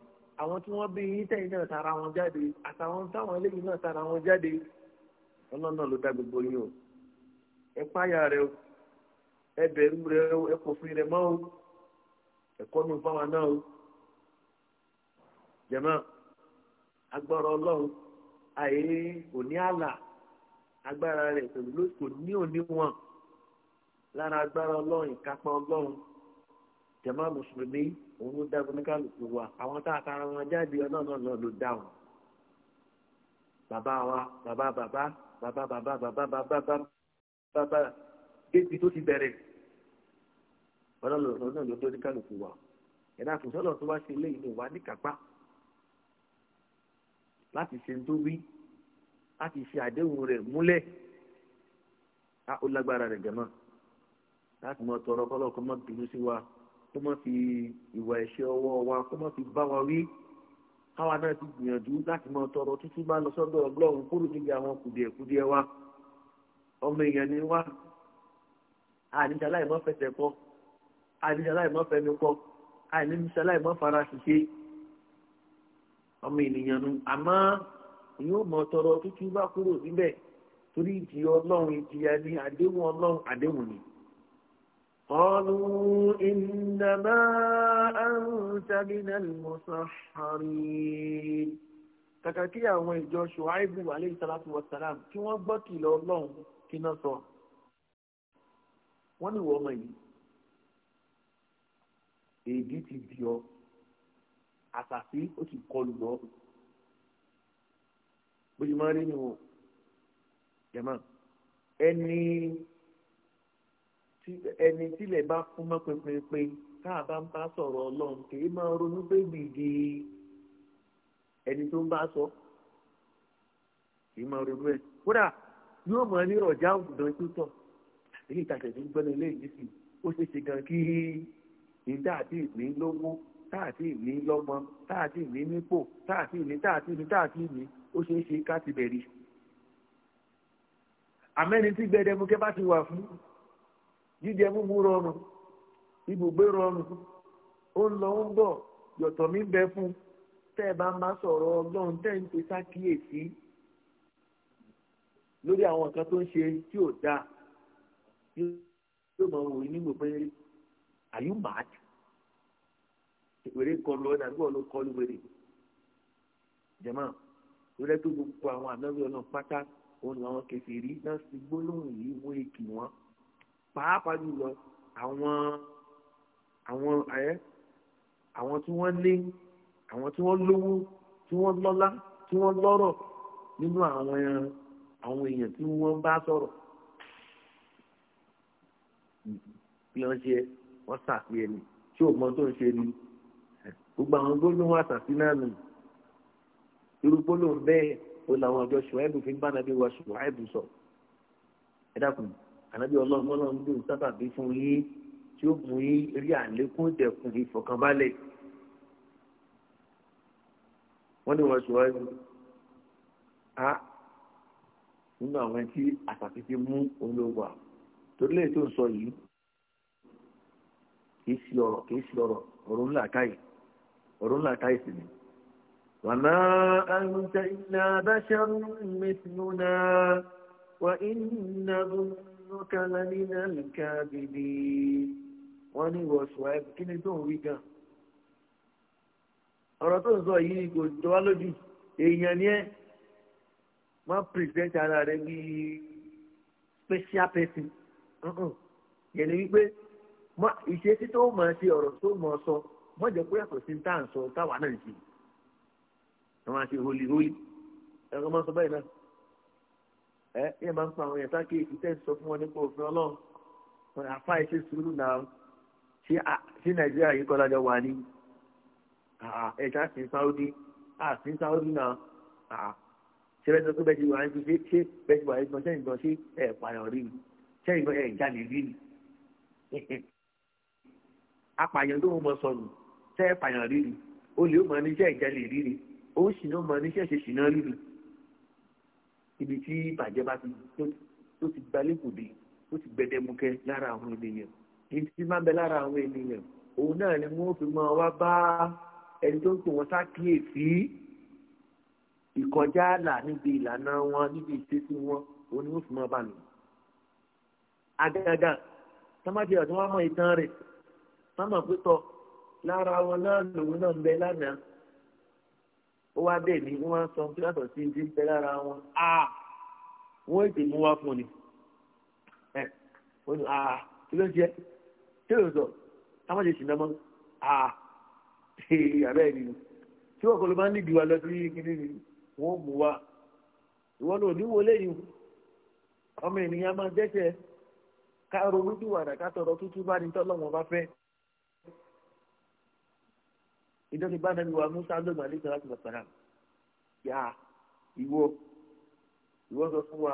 àwọn tí wọ́n bí yín tẹ̀yìn náà tara wọn jáde àtàwọn táwọn eléyìí náà tara wọn jáde ọlọ́run náà ló dá gbogbo yín o ẹ páyà rẹ o ẹ bẹ̀rù rẹ o ẹ kòfin rẹ mọ́ o ẹ̀kọ́ nù fáwọn náà o jẹ̀mọ́ agbára ọlọ́run àyè kò ní àlà agbára rẹ̀ kò ní òníwọ̀n lára agbára ọlọ́run ìkápá ọlọ́run jàmá mùsùlùmí òun ló dá oníkálukú wa àwọn tá a tara wọn jáde ọ̀nà náà náà ló dá wọn. bàbá wa bàbá bàbá bàbá bàbá bàbá bàbá bàbá débi tó ti bẹ̀rẹ̀ ọ̀nà náà ló dá oníkálukú wa ẹ̀dá àtúnṣọ́nà tó wá ṣe léyìn ní ìwà níkàpá láti ṣe ń tó wí láti ṣe àdéhùn rẹ̀ múlẹ̀ ó lágbára rẹ̀ jẹ̀mọ́ láti mọ tọrọ kọ́lọ́kọ́ mọ́ bínú sí wa kó má fi ìwà ẹ̀ṣẹ̀ ọwọ́ wa kó má fi bá wa wí káwa náà ti gbìyànjú láti máa tọrọ títí máa lọ sọ́dọ̀ ọlọ́run kúrò níbi àwọn kùdìẹ̀kùdìẹ̀ wa ọmọ èèyàn ni wá àníṣe aláìmọ́ fẹsẹ̀ kọ́ àníṣe aláìmọ́ fẹnu kọ́ àníṣe aláìmọ́ fara ṣiṣẹ́ ọmọ ènìyàn nu àmọ́ yóò mọ tọrọ títí bá kúrò níbẹ̀ torí ìjì ọlọ́run ìjìyà ni àdéhùn ọlọ́run àdéhùn ni. قالوا إنما أنت من المسحرين kàkà kí àwọn ìjọ ṣùháìbù alayhi salatu wa salam kí wọ́n gbọ́ kìlọ̀ ọlọ́run kí náà sọ wọ́n ní ìwọ ọmọ yìí èdè ti di ọ àṣàṣì ó ti kọlù lọ bójú máa rí ni o jẹ̀mọ́ ẹni ẹni tílẹ̀ bá fún mọ́ pépépé tá a bá ń bá sọ̀rọ̀ ọlọ́run kì í máa ronú pé gbìgì ẹni tó ń bá sọ kì í máa ronú ẹ̀ kódà yóò mọ̀ ní ọ̀já ògùdàn tó tọ̀ ilé ìtajà tó ń gbẹ́nu ilé ìdísìn ó ṣe ṣe gan kí ìdá àti ìpín lówó táàtì ní lọ́mọ táàtì ní nípò táàtì ní táàtì ní táàtì ní ó ṣe é ṣe ká ti bẹ̀rẹ̀ àmẹ́ni tí gbẹdẹmukẹ́ bá ti wà fún jíjẹ múmu rọrùn ibùgbé rọrùn ó ń lọ ń bọ̀ yọ̀tọ̀ mi bẹ fún tẹ́ ẹ bá má sọ̀rọ̀ ọlọ́run tẹ́ ń pe sákìyèsí lórí àwọn nǹkan tó ń ṣe tí ò dáa yóò mọ òun nígbò pé are you mad wèrè kọlu ọ̀nà àbí wọn ló kọlu wèrè jẹ̀mọ́ lórí tó gbogbo àwọn ànáwó ọ̀nà pátá òun ni àwọn kẹfì rí náà sì gbólóhùn yìí wọ́n èkì wọn pàápàá jùlọ àwọn àwọn ẹ àwọn tí wọ́n ní àwọn tí wọ́n lówó tí wọ́n lọ́lá tí wọ́n lọ́rọ̀ nínú àwọn àwọn èèyàn tí wọ́n bá sọ̀rọ̀ bí wọ́n ṣe wọ́n ṣàfihàn ni tí ò mọ tó ń ṣe ni gbogbo àwọn gbólóhùn àṣàfihàn náà nù irú gbólóhùn bẹ́ẹ̀ o làwọn ọjọ́ ṣùgbọ́n ẹ̀bùn fi ń bá nàbí wa ṣùgbọ́n ẹ̀bùn sọ ẹ dákun ànábì ọlọ́run mọ́lọ́run tó ń sábà bí fún yín tí ó mú yín rí àlékún ìdẹ̀kùn ìfọ̀kànbalẹ̀ wọ́n ní wọ́n sọ ẹ́ a nínú àwọn tí àtàkété mú olówó à torí lè tó ń sọ yìí kìí sí ọ̀rọ̀ kìí sí ọ̀rọ̀ ọ̀rọ̀ ńlá káyì ọ̀rọ̀ ńlá káyì sí ni. وما أنت إلا بشر مثلنا وإن ظن إنك لمن الكاذبين wọ́n ní wọ̀sùn ẹ̀ kí ni tó ń wí gan ọ̀rọ̀ tó ń sọ yìí kò jọ wá lójú èèyàn ni ẹ́ má pìrìsẹ́ntì ara rẹ bí special person yẹn ni wípé ìṣesí tó máa ṣe ọ̀rọ̀ tó máa sọ wọ́n jẹ́ pé yàtọ̀ sí tá à ń sọ táwa náà ń ṣe wọ́n máa ṣe holi holi ẹ̀rọ máa sọ báyìí náà ẹ yẹn máa ń pa àwọn yẹn sáà kéèkì tẹ́ ń sọ fún wọn nípa òfin ọlọ́run wọn àfa sùúrù náà ṣé nàìjíríà yìí kọ́ lájọ wà ní ẹ̀ka sí sáúdí àti sáúdí náà ṣé bẹ́ẹ̀ sọ bẹ́ẹ̀ ti wà ní ṣe ṣé bẹ́ẹ̀ ti wà ní ṣe ìgbọ̀n ṣé ẹ̀ pààyàn rí ni ṣé ìgbọ̀n ẹ̀ jalè rí ni apààyàn ló mọ sọnù ṣé ẹ̀ pààyàn rí ni olè ó mọ ní ṣe ìjalè rí ni ó sì ibi tí ìbàjẹ́ bá ti tó ti gbalẹ́kùdé tó ti gbẹdẹmukẹ lára àwọn ènìyàn èyí tí máa ń bẹ lára àwọn ènìyàn òun náà ni wọ́n fi máa wá bá ẹni tó ń tò wọ́n sákìyèsí ìkọjá àlà níbi ìlànà wọn níbi ìṣesí wọn òun ni wọ́n fi máa bá lò. àgàgà tọ́mátì ọ̀dún wa mọ ìtàn rẹ̀ tọ́mọ̀ pé tọ́ lára wọn náà lòun náà ń bẹ lánàá ó wá dé ní wọ́n sọ pé yàtọ̀ sí ti ń bẹ lára wọn a wọ́n ètè mú wá fún ni ẹ wọ́n ní a kí ló ń jẹ kí ló ń sọ táwọn ṣe ṣìnà mọ́ a ṣe àbẹ́ ẹ̀ nínú tí wọ́n kọ́ ló máa ń nídìí wa lọ sí kíní ni wọ́n mú wa ìwọ ló ní wọlé yìí ọmọ ènìyàn máa dẹ́sẹ̀ ká ronú bí wàdà ká tọrọ tútú bá ní tọ́lọ́mọ bá fẹ́ ìjọ ti bá nàbí wa musa lọ́gbà lẹ́sẹ̀ láti bàtàrà yá ìwọ ìwọ sọ fún wa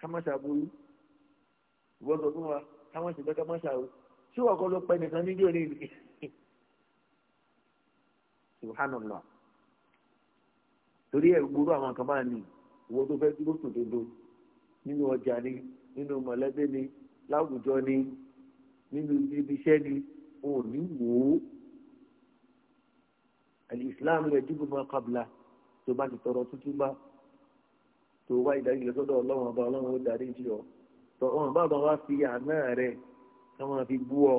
ká má ṣàbóyú ìwọ sọ fún wa ká má ṣègbè ká má ṣàrò ṣé wàá kọ́ ló pẹ́ nìkan níjọ́ ní ìlú subhanallah torí ẹ̀ gbúrú àwọn kan máa ní ìwọ tó fẹ́ dúró tòdodo nínú ọjà ni nínú mọ̀lẹ́bí ni láwùjọ ni nínú ibi iṣẹ́ ni òní wò alìsílámù rẹ̀ dúró máa kábìlà tó bá ti tọrọ tútù bá tó wá ìdarí lọ sọ́dọ̀ ọlọ́run ọba ọlọ́run ó darí jù ọ tọ ọ̀run bàbá wa fi àná rẹ̀ ká máa fi bú ọ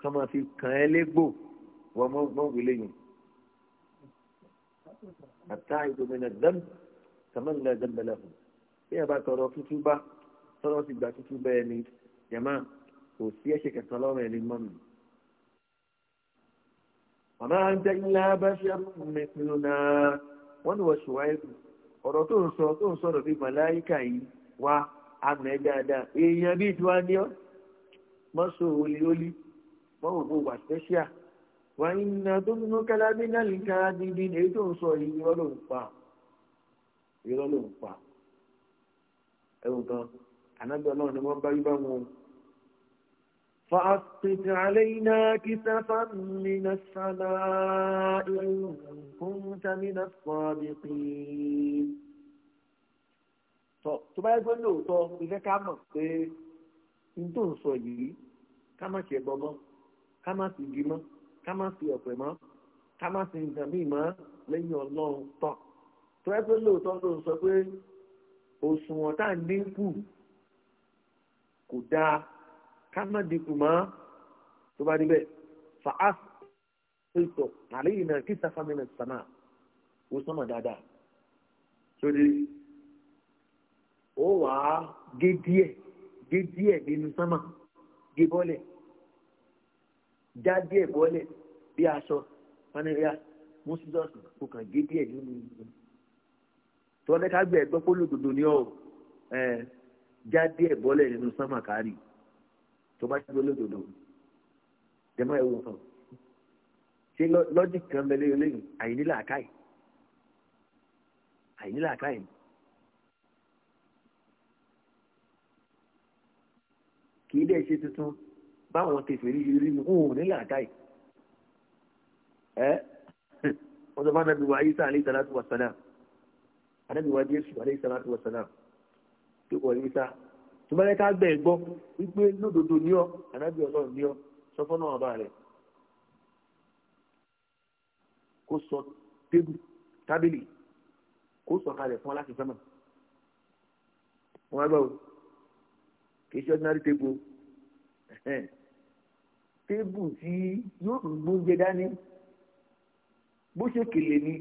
ká máa fi kàn ẹ́ légbò wọ́n mọ̀ wílé yìí àtàìdò mẹ́nà dẹ́m kàmẹ́lá dẹ́mbẹ̀lẹ̀ fún bí ẹ bá tọrọ tútù bá tọrọ ti gbà tútù bẹ́ẹ̀ ni jẹ̀má kò sí ẹ̀ṣẹ̀ kẹta lọ́rùn ẹni mọ́ mi àmọ́ à ń jẹ́ ilé abáṣẹ́ mẹ́tìlú náà wọ́n ní wọ́n ṣùwáyé kù ọ̀rọ̀ tó ń sọ tó ń sọ̀rọ̀ bíi màláyíkà yìí wá àmì dáadáa èèyàn bíi tiwa ní ọ́ mọ́ so olíolí mọ́ òwò wà spẹ́ṣíà wà iná tó nínú kálábí náà lè ká dídí èyí tó ń sọ yìí irọ́ ló ń pa irọ́ ló ń pa ẹ̀wọ̀n kan ànágbẹ́ ọlọ́run ni wọ́n bá yí bá wọn فأسقط علينا كسفا من السماء إن كنت من الصادقين tó bá yẹ pé lóòótọ́ ìfẹ́ ká mọ̀ pé n tó ń sọ yìí ká má ṣe gbọmọ ká má sì bímọ ká má sì ọ̀pẹ̀ mọ́ ká má sì nǹkan míì mọ́ lẹ́yìn ọlọ́run tọ̀ tó yẹ pé lóòótọ́ ló ń sọ pé òṣùwọ̀n tá à ń dínkù kò dáa ká má dínkù mọ́ tó bá níbẹ̀ fàá ṣètò àléyìn náà kí sáfàmì náà sàmà ó sọmọ dáadáa sórí ó wà á gé díẹ̀ gé díẹ̀ nínú sánmà gé bọ́lẹ̀ já díẹ̀ bọ́lẹ̀ bí aṣọ panaria moses kò kàn gé díẹ̀ nínú tọ́lẹ́ká gbẹ̀ gbọ́ pólódodo ni ọ̀ já díẹ̀ bọ́lẹ̀ nínú sánmà kárì tó bá ti gbólé dòdò jẹmọ́ ẹ wò hàn ṣé lọ́jì kan bẹ lẹ́yìn lẹ́yìn àìnílà àkáì àìnílà àkáì kì í dẹ̀ ṣe tuntun báwọn kẹfìrí ṣe rí mi ń wò nílà àkáì ẹ wọ́n sọ fún anábìwá ayíṣà alẹ́ ìsàlátù wàsálà anábìwá jésù alẹ́ ìsàlátù wàsálà tó kọ̀ ayíṣà tó bá yẹ ká gbẹ gbọ́ wípé lódodo ní ọ ànábì Ọlọ́run ní ọ sọ fọnà ọba rẹ kó sọ tébù tábìlì kó sọ kalẹ̀ fún ọ láti fẹmọ wọn gbà o kì í ṣe ordinary table tébù tí yóò tún gbóúnjẹ dání bó ṣe kèlè ní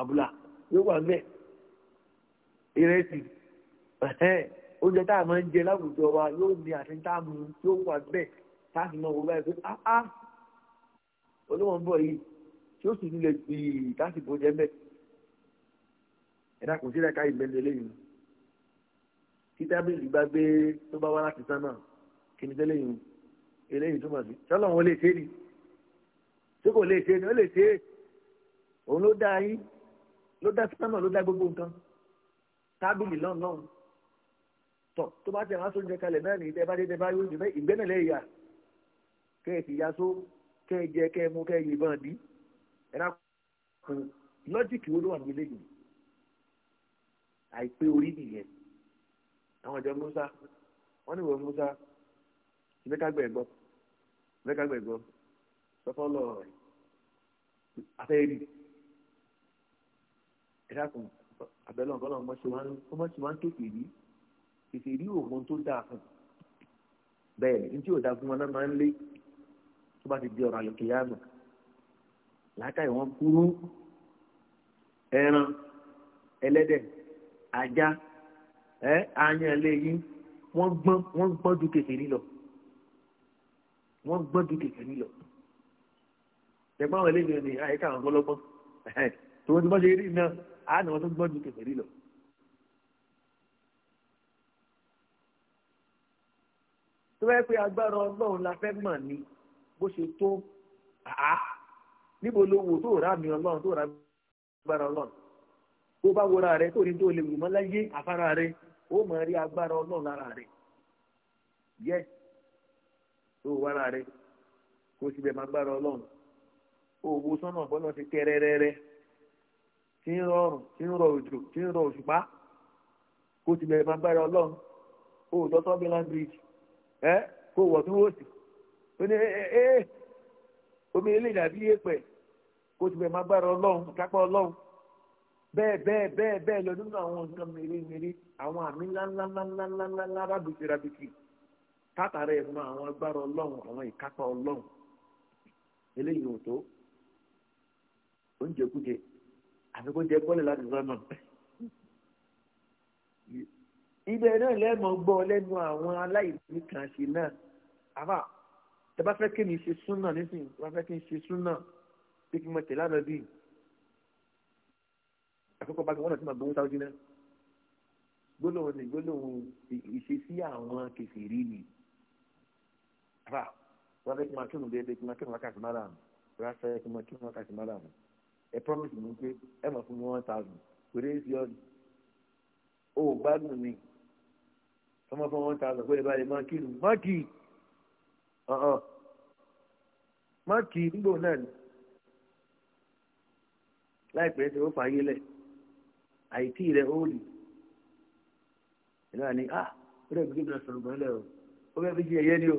àbúlà yóò wà ń bẹ ìrẹsì oúnjẹ tá a máa ń jẹ láwùjọ wa yóò ní àti tá a mú yóò wà bẹ́ẹ̀ tá a sì máa wò báyìí pé ah ah olóhùn bọ̀ yìí tí ó sì nílẹ̀ gbìyì tá a sì bó jẹ́ bẹ́ẹ̀ ẹ̀dá kò sí ẹ̀ka ìgbẹ́ni eléyìí tí tábìlì bá gbé tó bá wá láti sánà kí ni tẹ́lẹ̀yìn eléyìí túmọ̀ sí sọ́lọ́ wọn lè ṣe é ni tí kò lè ṣe é ni ó lè ṣe é òun ló dá yín ló dá sánà ló dá gbogbo nǹkan tábìlì lọ́nà náà tọ̀ tó bá tẹ̀ wá sóúnjẹ kalẹ̀ náà nìyí tẹ́ bá dé tẹ́ bá yóò jù bẹ́ẹ̀ ìgbẹ́ náà lẹ́yà kẹ́ ẹ̀ fìyà só kẹ́ ẹ jẹ kẹ́ ẹ mú kẹ́ ẹ yìnbọn dí ẹ náà kù lọ́jìkì wo ló wà nílé yìí àìpé orí nìyẹn àwọn ìjọ Musa wọ́n ní ìwọ Musa ìbẹ́kàgbẹ́ ẹ̀gbọ́ ìbẹ́kàgbẹ́ ẹ̀gbọ́ sọfọ́ lọ́ọ̀ rẹ̀ afẹ́rí ẹ̀dá kan àbẹ̀lọ́ ọ̀gọ́lọ́ ọmọ ṣe wá ń kéèké kèsì rí òun tó dáa fún bẹ́ẹ̀ ni tí ò dáa fún wọn náà máa ń lé tó bá ti di ọ̀rọ̀ àlòkè yáàmù látàrí wọn kúrú ẹran ẹlẹ́dẹ̀ ajá ẹ ayan lẹ́yìn wọ́n gbọ́n wọ́n gbọ́n ju kèsì rí lọ wọ́n gbọ́n ju kèsì rí lọ ẹ̀gbọ́n àwọn ni àyíká àwọn ọlọ́gbọ́n tó ń bọ́ ṣe rí náà àá ní tó gbọ́n ju kèsì rí lọ. tó bá yẹ pé agbára ọlọ́run la fẹ́ mọ̀ ni bó ṣe tó àá níbo ló wò tó rà mí ọlọ́run tó rà mí agbára ọlọ́run tó bá wọra rẹ tó ní tó lè wù mọ́ láyé àfárá rẹ ó mọ̀ rí agbára ọlọ́run lára rẹ yẹ tó wára rẹ kó o sì bẹ̀ máa gbára ọlọ́run òwò sọ́nà bọ́lá ti tẹ́ rẹ́rẹ́rẹ́ tí ń rọrùn tí ń rọ òjò tí ń rọ òṣùpá kó o sì bẹ̀ máa gbára ọlọ́run òòjọ́ tọ́bí land bridge ẹ tó wọ̀tún wòsì ó ní ee omi ilé dàbí èèpẹ̀ kó tibẹ̀ máa gbára ọlọ́run kápá ọlọ́run bẹ́ẹ̀ bẹ́ẹ̀ bẹ́ẹ̀ bẹ́ẹ̀ lọ nínú àwọn nǹkan mèremère àwọn àmì ńláńláńláńláńlá rábìtì rábìtì tátàrà ẹ̀ mọ àwọn agbára ọlọ́run àwọn ìkápá eléyìí ò tó oúnjẹ àfikún jẹ gbọ́lẹ̀ láti ibẹ̀ náà lẹ́mọ̀ gbọ́ lẹ́nu àwọn aláìní kan ṣe náà àbá tẹ bá fẹ́ kí mi ṣe súnà nísìnyí tẹ bá fẹ́ kí n ṣe súnà pé kí n mọ tẹ̀lé ànábì àkókò bá gbọ́dọ̀ tí màá gbowó sáwọ́dí náà gbólóhùn ní gbólóhùn ìṣesí àwọn kẹfìrí ni àbá wọ́n fẹ́ kí n máa kírun déédéé kí n máa kírun wákàtí mára àmì wọ́n fẹ́ kí n máa kírun wákàtí mára àmì ẹ promise mi pé ẹ mọ̀ fún mi one thousand kò dé sí ọdún o gbádùn mi ọmọ fún one thousand kó lè bá lè máa kí lù má kì í ọ̀hán má kì í nígbò náà ni láìpẹ́ ṣe ó fàáyé lẹ̀ àìtí rẹ̀ ó rì ìlànà ni ah ó dẹ̀ gbígbé náà sọ̀rọ̀ mọ́lẹ̀ o ó bẹ́ẹ̀ fi ṣe ẹ̀yẹ́ ni o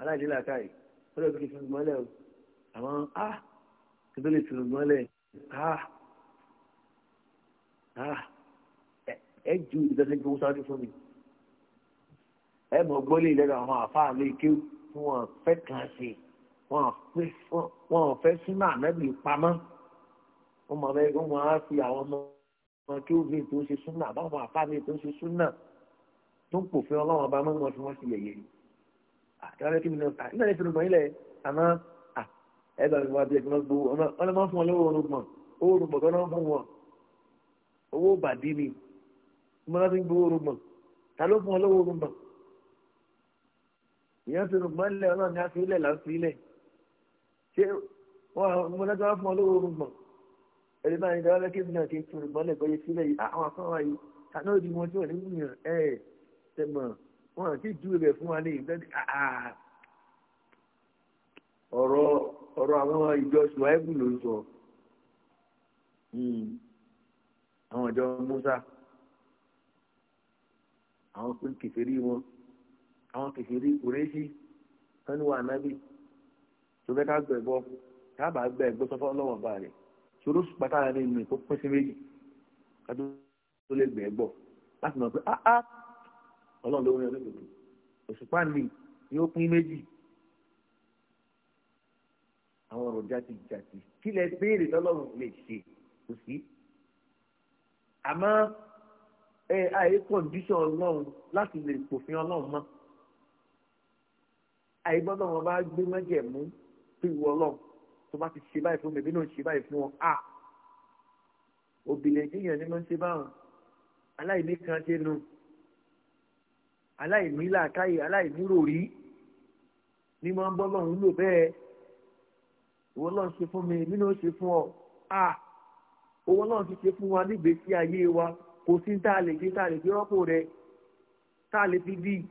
aláìdí làákàyè ó dẹ̀ fi ṣe sọ̀rọ̀ mọ́lẹ̀ o àwọn ah kí ló lè sọ̀rọ̀ mọ́lẹ̀ ah ah ẹ ju ìdánilẹ́gbẹ̀wò sáré fún mi ẹ mọ̀ gbọ́lé lẹ́nu àwọn àfáà lè ké tí wọ́n fẹ́ kàn sí wọ́n fẹ́ súnà ànábì pamọ́ wọ́n mọ̀ bẹ́ẹ̀ wọ́n á fi àwọn ọmọ wọn kí ó mi tó ṣe súnà báwọn àfáà mi tó ṣe súnà tó ń pòfin ọlọ́run ọba mọ́ wọn fi wọ́n ṣe yẹ̀yẹ́ àtàwọn kí ni ọ̀tà nígbà tí mo ilẹ̀ àmọ́ ẹ bá mi wá bí ẹgbẹ́ gbowó wọn lè má fún wọn lọ́wọ́ oorun gbọ̀n owó oorun gbọ̀n náà fún wọn owó bàdí ni mo lọ́ fi gbowó oorun gbọ̀n ta ló fún wọn lọ́wọ́ oorun gbọ̀n ìyẹn tó nù gbọ́nlẹ̀ ọlọ́run ní àfihàn là ń filẹ̀ ṣé wọn mo lọ́jọ́ wá fún ọ lówó orun gbọ̀n ẹ̀rí báyìí ní dáwọ́lẹ́ kí ènìyàn kì í tún gbọ́nlẹ̀ gbọ́yé sílẹ̀ yìí ah, àwọn afọ́nwá yìí kaná òdi wọn tí wọn ní wúyàn ẹ̀ tẹ̀mọ̀ wọn àti ìdú rẹ̀ fún wa ní ìgbẹ́ni ah, ah. ọ̀rọ̀ ọ̀rọ̀ àwọn ìjọ ṣùwáìbù ló ń sọ hmm. àwọn ìjọ Musa àwọn pé kèfèrí wọn àwọn kèfèrí kùrẹ́sì kánú wà nábì tó fẹ́ ká gbẹ̀bọ káàbà gbẹ̀gbọ́ sọ́fọ́ ọlọ́wọ́n bá rẹ̀ ṣòro pátá rẹ̀ nínú ìkó pín sí méjì kájú tó lè gbẹ̀gbọ́ láti mọ̀ pé áá ọlọ́run ló ń rìn olóògbé òṣùpá mi ni ó pín méjì àwọn ọ̀rọ̀ jáde jáde kí lẹ béèrè lọ́lọ́run lè ṣe kò sí àmọ́ ẹ àìkọ́ndíṣọ̀n ọlọ́run láti lè pòfin ọlọ́run mọ́ àìgbọ́dọ̀ wọn bá gbé mọ́jẹ̀mú tó ìwọ lọ tó bá ti ṣe báyìí fún mi bí náà ṣe báyìí fún wọn a òbílẹ̀ èdèyàn ni wọ́n ṣe báwọn aláìní kan ṣe nu aláìní làákàyè aláìní ròrí ni wọ́n ń bọ́ lọ́hùn lò bẹ́ẹ̀ ìwọ lọ́n ṣe fún mi bí náà ṣe fún ọ a owó náà ti ṣe fún wa nígbèésí ayé wa kò sí tá a lè fi tá a lè fi rọ́pò rẹ tá a lè fi bíi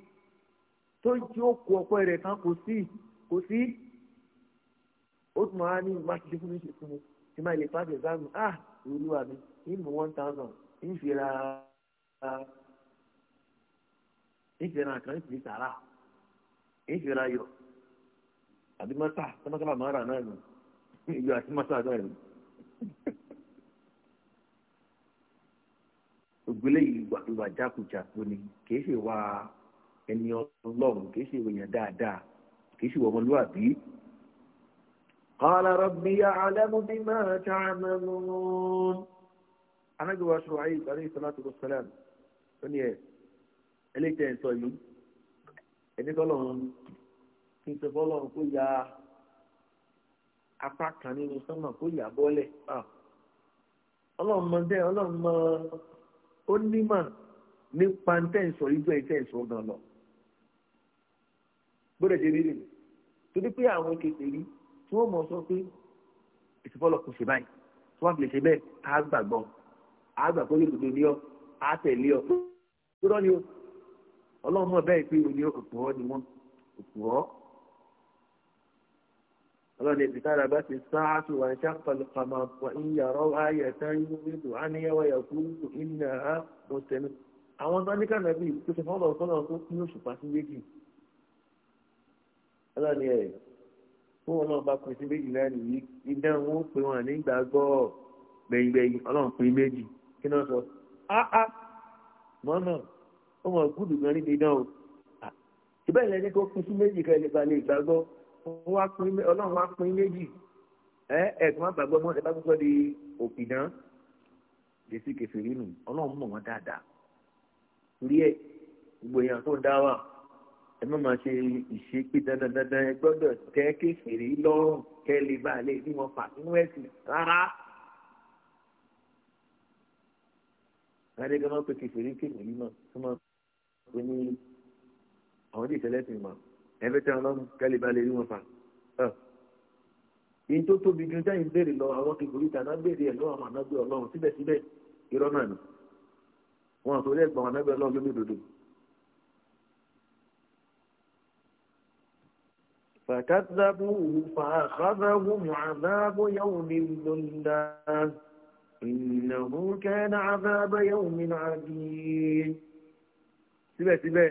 tó tí ó kó ọpẹ́ rẹ̀ kan kò sí kò sí ó tún máa ní ìgbà tí fún mi ṣe fún mi tí máa lè pàṣẹ sáàmù ah olúwa mi ìmú one thousand ìfira ìfira kan ìfiri sàrà ìfira yọ àbí mọ́tà tọ́mọ́tàbà máa rà náà nù ìyọ àti mọ́tà náà nù. ògbélé ìwà ìwà jákujàku ni kì í ṣe wá ẹni ọlọ́run kì í ṣe èèyàn dáadáa kì í ṣe ọmọlúwàbí. qala rabbi a'lamu bima ta'malun. anájọba ṣùgbọ́n ayé ìgbàlẹ́ ìsọláàtì kò sẹ́lẹ̀ ó ní ẹ̀ ẹlẹ́jẹ̀ ẹ̀sọ́ yìí ẹni tọ́lọ́run kí n sọ fọ́lọ́run kó ya apá kan nínú sọ́mà kó yà bọ́lẹ̀ ah, ọlọ́run mọ bẹ́ẹ̀ ọlọ́run mọ ó nímọ̀ nípa ń tẹ̀ ìjọ ìtẹ̀ gan lọ gbọ́dọ̀ ṣe rí rè torí pé àwọn kékeré tí wọ́n mọ̀ sọ pé ìsìnfọ́lọ̀ kò ṣe báyìí tí wọ́n fi lè ṣe bẹ́ẹ̀ á gbàgbọ́ á gbàgbọ́ yóò dodo ní ọ á tẹ̀lé ọ gbọ́dọ̀ ni o ọlọ́run mọ̀ bẹ́ẹ̀ pé òní òpùrọ́ ni wọ́n òpùrọ́ ọlọ́run ẹ̀bí tára bá ti sáàtù wà ṣàpàlẹ̀ pàmà pọ̀ ìyàrá ayé tán yóò rí dùn ìnà á mọ̀tẹ́nu àwọn tó ní kànáà bíi tó ṣe fọ́lọ̀ sọ́nà tó kí méjì ọlọ́ni ẹ̀ fún ọlọ́run bá pín sí méjì náà nìyí iná wọn ó pè wọn nígbà gbọ́ gbẹ̀yìngbẹ̀yìn ọlọ́run pín méjì kí náà sọ áá mọ́nà ó mọ̀ gúdù gan níbi iná o ìbẹ́ẹ̀ lẹ́ni kó pín sí méjì ká ẹni balẹ̀ ìgbàgbọ́ ọlọ́run wá pín méjì ẹ ẹ̀gbọ́n má gbàgbọ́ mọ́ ẹ bá gbọ́ di òpìdán lèsì kẹfìrí nù ọlọ́run mọ̀ wọ́n dáadáa torí ẹ gbogbo èèyàn tó ń dá wà ẹ má máa ṣe ìṣe pé dandan dandan ẹ gbọ́dọ̀ tẹ́ kékeré lọ́rùn kẹ́ lè bá a lè rí wọn fà nínú ẹ̀sìn rárá. Adéga máa ń pe kékeré kékeré náà tó máa ń pe ní àwọn ilé ìtẹ́lẹ́sìn mọ̀ ẹ̀fẹ́ tẹ́ wọn lọ́rùn kẹ́ lè bá a lè rí wọn fà. Ìyẹn tó tóbi ju jáì ń béèrè lọ àwọn kékeré tàná béèrè ẹ̀ lọ́wọ́ àwọn ànágbé ọlọ́run síbẹ̀síbẹ̀ irọ́ náà ni. Wọ́n àtòrí ẹ̀gbọ́n ànágbé ọlọ́run lómi òdòdó. فكذبوه فأخذهم عذاب يوم الظلة إنه كان عذاب يوم عظيم síbẹ̀síbẹ̀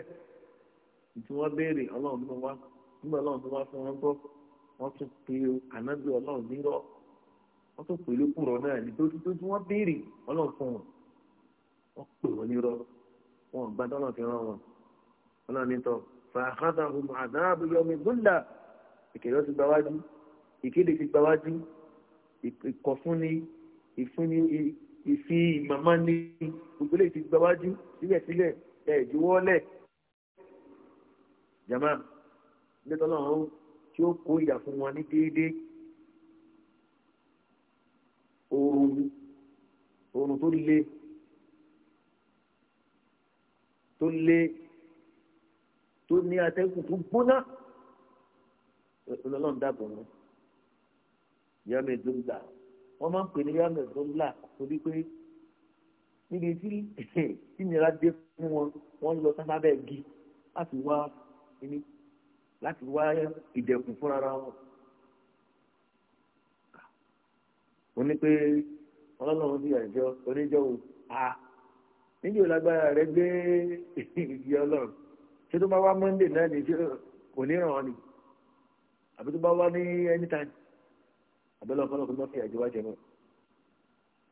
tí wọ́n béèrè ọlọ́run tó wá nígbà ọlọ́run tó wá fún wọn gbọ́ wọ́n tún pe ànábì ọlọ́run nírọ́ wọ́n tún pè lókùrọ̀ náà nítorí tó tí wọ́n béèrè ọlọ́run fún wọn wọ́n pè wọ́n nírọ́ wọn gbádùn ọlọ́run fi rán wọn ọlọ́run nítọ́ فأخذهم عذاب يوم الظلة ìkẹ̀rọ ti gbáwájú ìkéde ti gbáwájú ìkọ̀fúnni ìfúnni ìfi ìmọ̀mọ́ ní gbogbo lè ti gbáwájú sílẹ̀sílẹ̀ ẹ̀ juwọ́lẹ̀ jama nítorọ̀ ọ̀hún tí ó kó ìyà fún wọn ní déédéé oorun oorun tó le tó le tó ní atẹ́gùn tó gbóná ọlọ́run dàbò mọ́ yàmẹ̀ dùmlà wọ́n máa ń pè ní yàmẹ̀ dùmlà torí pé níbi tí ìnira dé fún wọn wọ́n lọ sábẹ́ igi láti wá ẹni láti wá ìdẹ̀kùn fúnra wọn. ó ní pé ọlọ́run bí àjọ oníjọ́ wo a níbi ìlágbára rẹ gbé ìgbé ọlọ́run ṣé tó bá wá monday náà ní ṣé kò ní ràn án nìyí àbí tó bá wá ní anytime àbẹ́lẹ́ ọ̀pọ̀lọpọ̀ tó bá fi àjẹwà jẹ náà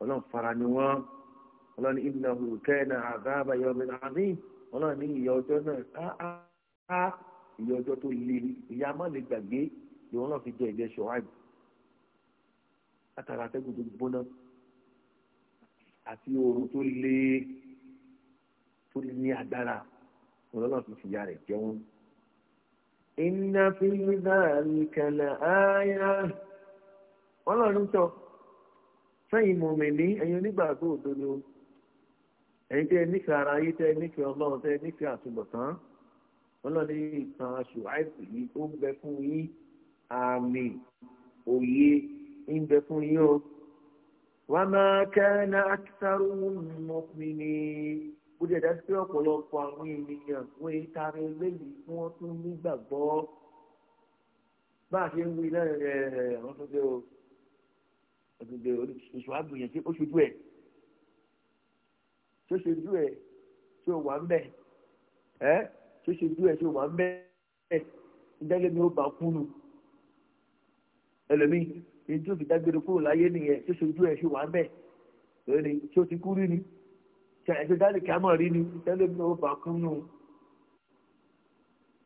ọlọ́run fara ni wọ́n ọlọ́run ìnà òkèèna àgbàbà yọmi àmì ọlọ́run ní ìyà ọjọ́ náà á ah, ah, ah, ìyà ọjọ́ tó le ìyà má lè gbàgbé ni wọ́n náà fi jẹ ìjẹ́ ṣọ́wájú látara atẹ́gùn tó gbóná àti oòrùn tó le tó ní agbára ọlọ́run fi fìyà rẹ̀ jẹun iná fi dáríkàlà ááyá wọ́n lọ́ọ́ ń tọ́ sẹ́yìn mọ̀mí ní ẹ̀yin onígbàgbọ́ òdodo ẹ̀yin tẹ́ nífẹ̀ẹ́ ara yín tẹ́ nífẹ̀ẹ́ ọlọ́run tẹ́ nífẹ̀ẹ́ àtúbọ̀tán wọ́n lọ́ọ́ ní ìtàn aṣọ àìsí yìí ó ń bẹ fún yín àmì òye ń bẹ fún yín o wàmà kẹ́nà àkísàrò mọ́kùnrin ni kò dẹ̀ dájú pé ọ̀pọ̀lọpọ̀ àwọn ènìyàn wọ́n ń tara eléyìí tí wọ́n tún nígbàgbọ́ bá a ṣe ń wí náà ẹ ẹ àwọn tó ṣe o ọ̀gbìngbè oṣù àgbìyàn tí ó ṣojú ẹ̀ tí ó ṣojú ẹ̀ tí ó wà ń bẹ̀ ẹ́ tí ó ṣojú ẹ̀ tí ó wà ń bẹ̀ ẹ̀ ìdájọ́ ni ó bá kú nù ẹlòmíì ní tí ó fi dágbére kúrò láyé nìyẹn tí ó ṣojú ẹ̀ tí ó wà ń bẹ̀ lónìí tí ó ti kú rí ni ṣàyẹ̀ṣẹ̀ dáàlì kí a mọ̀ rí ni ìtẹ́lẹ̀ mi ò bá kún nù.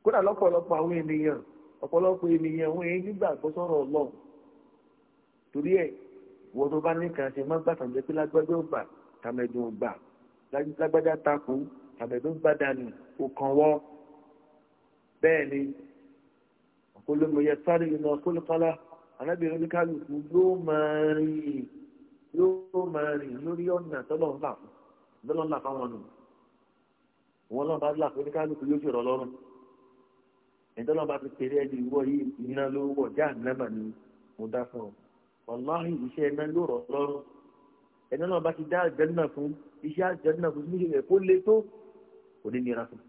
kódà lọ́pọ̀lọpọ̀ àwọn ènìyàn ọ̀pọ̀lọpọ̀ ènìyàn wọn èyí nígbàgbọ́ sọ̀rọ̀ ọlọ́ torí ẹ̀ wọ́n tó bá ní kàn ṣe má gbàtàn jẹ́ pé lágbájá ò gbà tàmẹ̀dùn ò gbà lágbájá takò tàmẹ̀dùn gbàdánù ò kàn wọ́ bẹ́ẹ̀ ni olómọye sáré iná kólókálá arábìnrin oníkálukú yóò máa rìn yóò máa rìn lórí ọ̀nà tọ́lọ́ ń bà fún lọ́nà ńlá fáwọn nù wọn lọ́nà bá là pé kálukú yóò ṣòro lọ́rùn ìdọ́nà bá ti pèrè ẹni ìwọ yìí iná ló wọ̀ já nẹ́mà ni mo dá fún ọ ọlọ́run iṣẹ́ ẹ̀mẹ́ ló rọ̀ lọ́rùn ẹni náà bá ti dá àjẹ́nà fún iṣẹ́ àjẹ́nà fún níṣe rẹ̀ kó lé tó kò ní nira fún.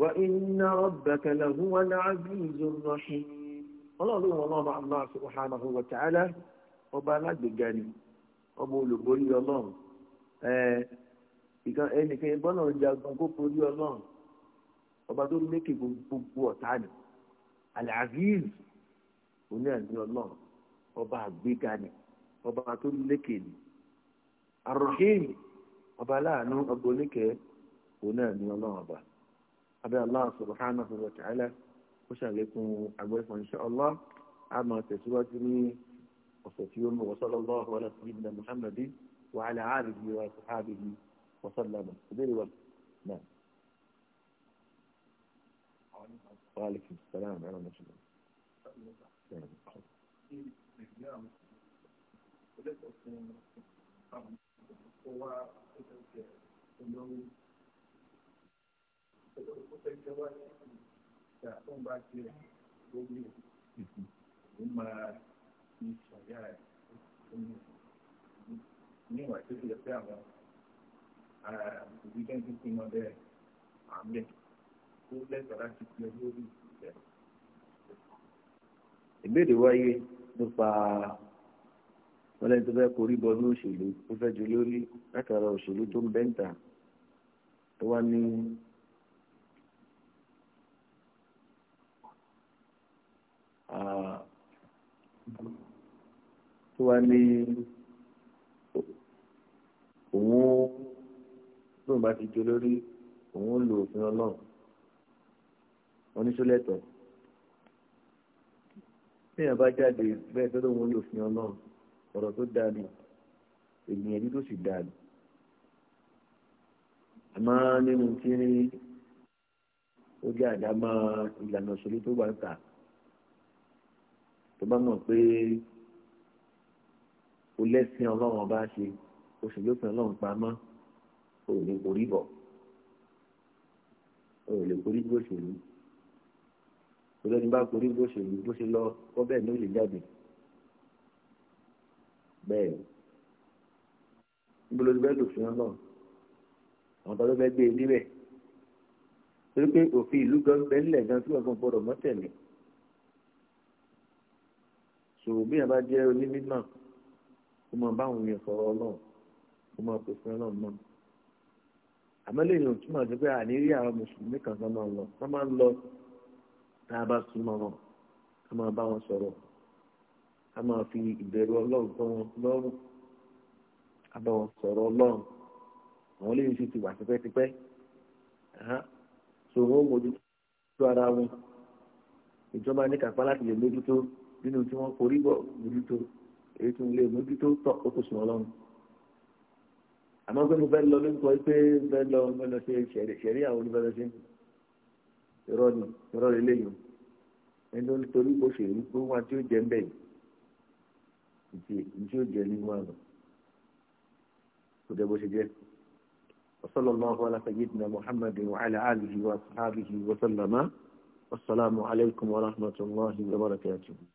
wà iná ọba kẹlẹ wọn náà bí ìzòrò náà ṣe ọlọ́run ló wọn náà bá a máa fi ọ̀hánà ọba alágbèéga ni ọba olùborí ọlọ́run ìkan ẹnìkan bọ́lá jagun kó borí ọlọ́run ọba tó lékè gbogbo ọ̀tá ni alaziz oní ẹ̀mí ọba àgbéga ni ọba tó lékè ni arrohim ọba aláàánú ọba oníkẹ́ oní ẹ̀mí ọlọ́run ọba ó ṣàlékún ní. وصوفيون وصلى الله على سيدنا محمد وعلى آله وصحابه وسلم دلوقتي نعم وعليكم السلام ورحمة الله وبركاته. نعم. ti ṣọ̀yà ẹ̀ níwọ̀n tó ti lè fẹ́ àwọn ìdíjẹ́ tó ti mọ bẹ́ẹ̀ àmì tó lẹ́tọ̀ọ́ láti fi ọjọ́ orí ìṣẹ́. ìbéèrè wáyé nípa wọ́n tó fẹ́ korí bọ òṣèlú tó fẹ́ jẹ lórí látara òṣèlú tó ń bẹ́ǹtà tó wá ní tó wá ní òun lóun bá ti jó lórí òun lo òfin ọlọ́run oníṣólẹ́tọ̀ téèyàn bá jáde bẹ́ẹ̀ tó lóun lo òfin ọlọ́run ọ̀rọ̀ tó dáa ni ènìyàn tó sì dáa ni àmọ́ nínú tí ó jẹ́ àdámọ́ ìlànà òṣèlú tó wà ń ta tó bá mọ̀ pé kò lẹ́sìn ọlọ́run ọba ṣe oṣù yóò fi ọlọ́run pamọ́ o ò lè borí bọ̀ o ò lè borí bó ṣe lù olórí bá borí bó ṣe lù bó ṣe lọ kọ́ bẹ́ẹ̀ ni ó lè jáde bẹ́ẹ̀ níbo ló ti bẹ́ẹ̀ lò fún ọlọ́run àwọn tó fẹ́ gbé e níbẹ̀ torí pé òfin ìlú gan bẹ́ẹ̀ ńlẹ̀ gan tí wọ́n kàn gbọ́dọ̀ mọ́tẹ̀lẹ̀ sòwò bí yàrá jẹ́ onímọ̀ kó máa bá àwọn èèyàn sọ̀rọ̀ ọlọ́run kó máa pèsè ọlọ́run náà àmọ́ lè yàn túmọ̀ sí pé àní rí àwọn mùsùlùmí kan tó máa ń lọ tó máa ń lọ tá a bá súnmọ́ wọn ká máa bá wọn sọ̀rọ̀ ká máa fi ìbẹ̀rù ọlọ́run tó wọn lọ́rùn ká bá wọn sọ̀rọ̀ ọlọ́run àwọn lè ṣe ti wà tipẹ́tipẹ́ so wọn mójú tó ara wọn ìjọba ní kápá láti lè mójútó nínú tí wọ́n forí bọ̀ mójútó èyí tún lè mójútó tọ̀ ó kò sùn ọlọ́run àmọ́ pé mo fẹ́ lọ lóko pé mo fẹ́ lọ mo fẹ́ lọ ṣe ṣẹ̀rí àwọn onífẹ́ lọ ṣe irọ́ ni irọ́ lélẹ́yìn ẹni tó ń torí kó ṣèlú pé wọn tí ó jẹ ń bẹ̀ yìí ní tí ó jẹ ní wọn kò jẹ bó ṣe jẹ وصلى الله على سيدنا محمد وعلى آله وأصحابه وسلم والسلام عليكم ورحمة الله وبركاته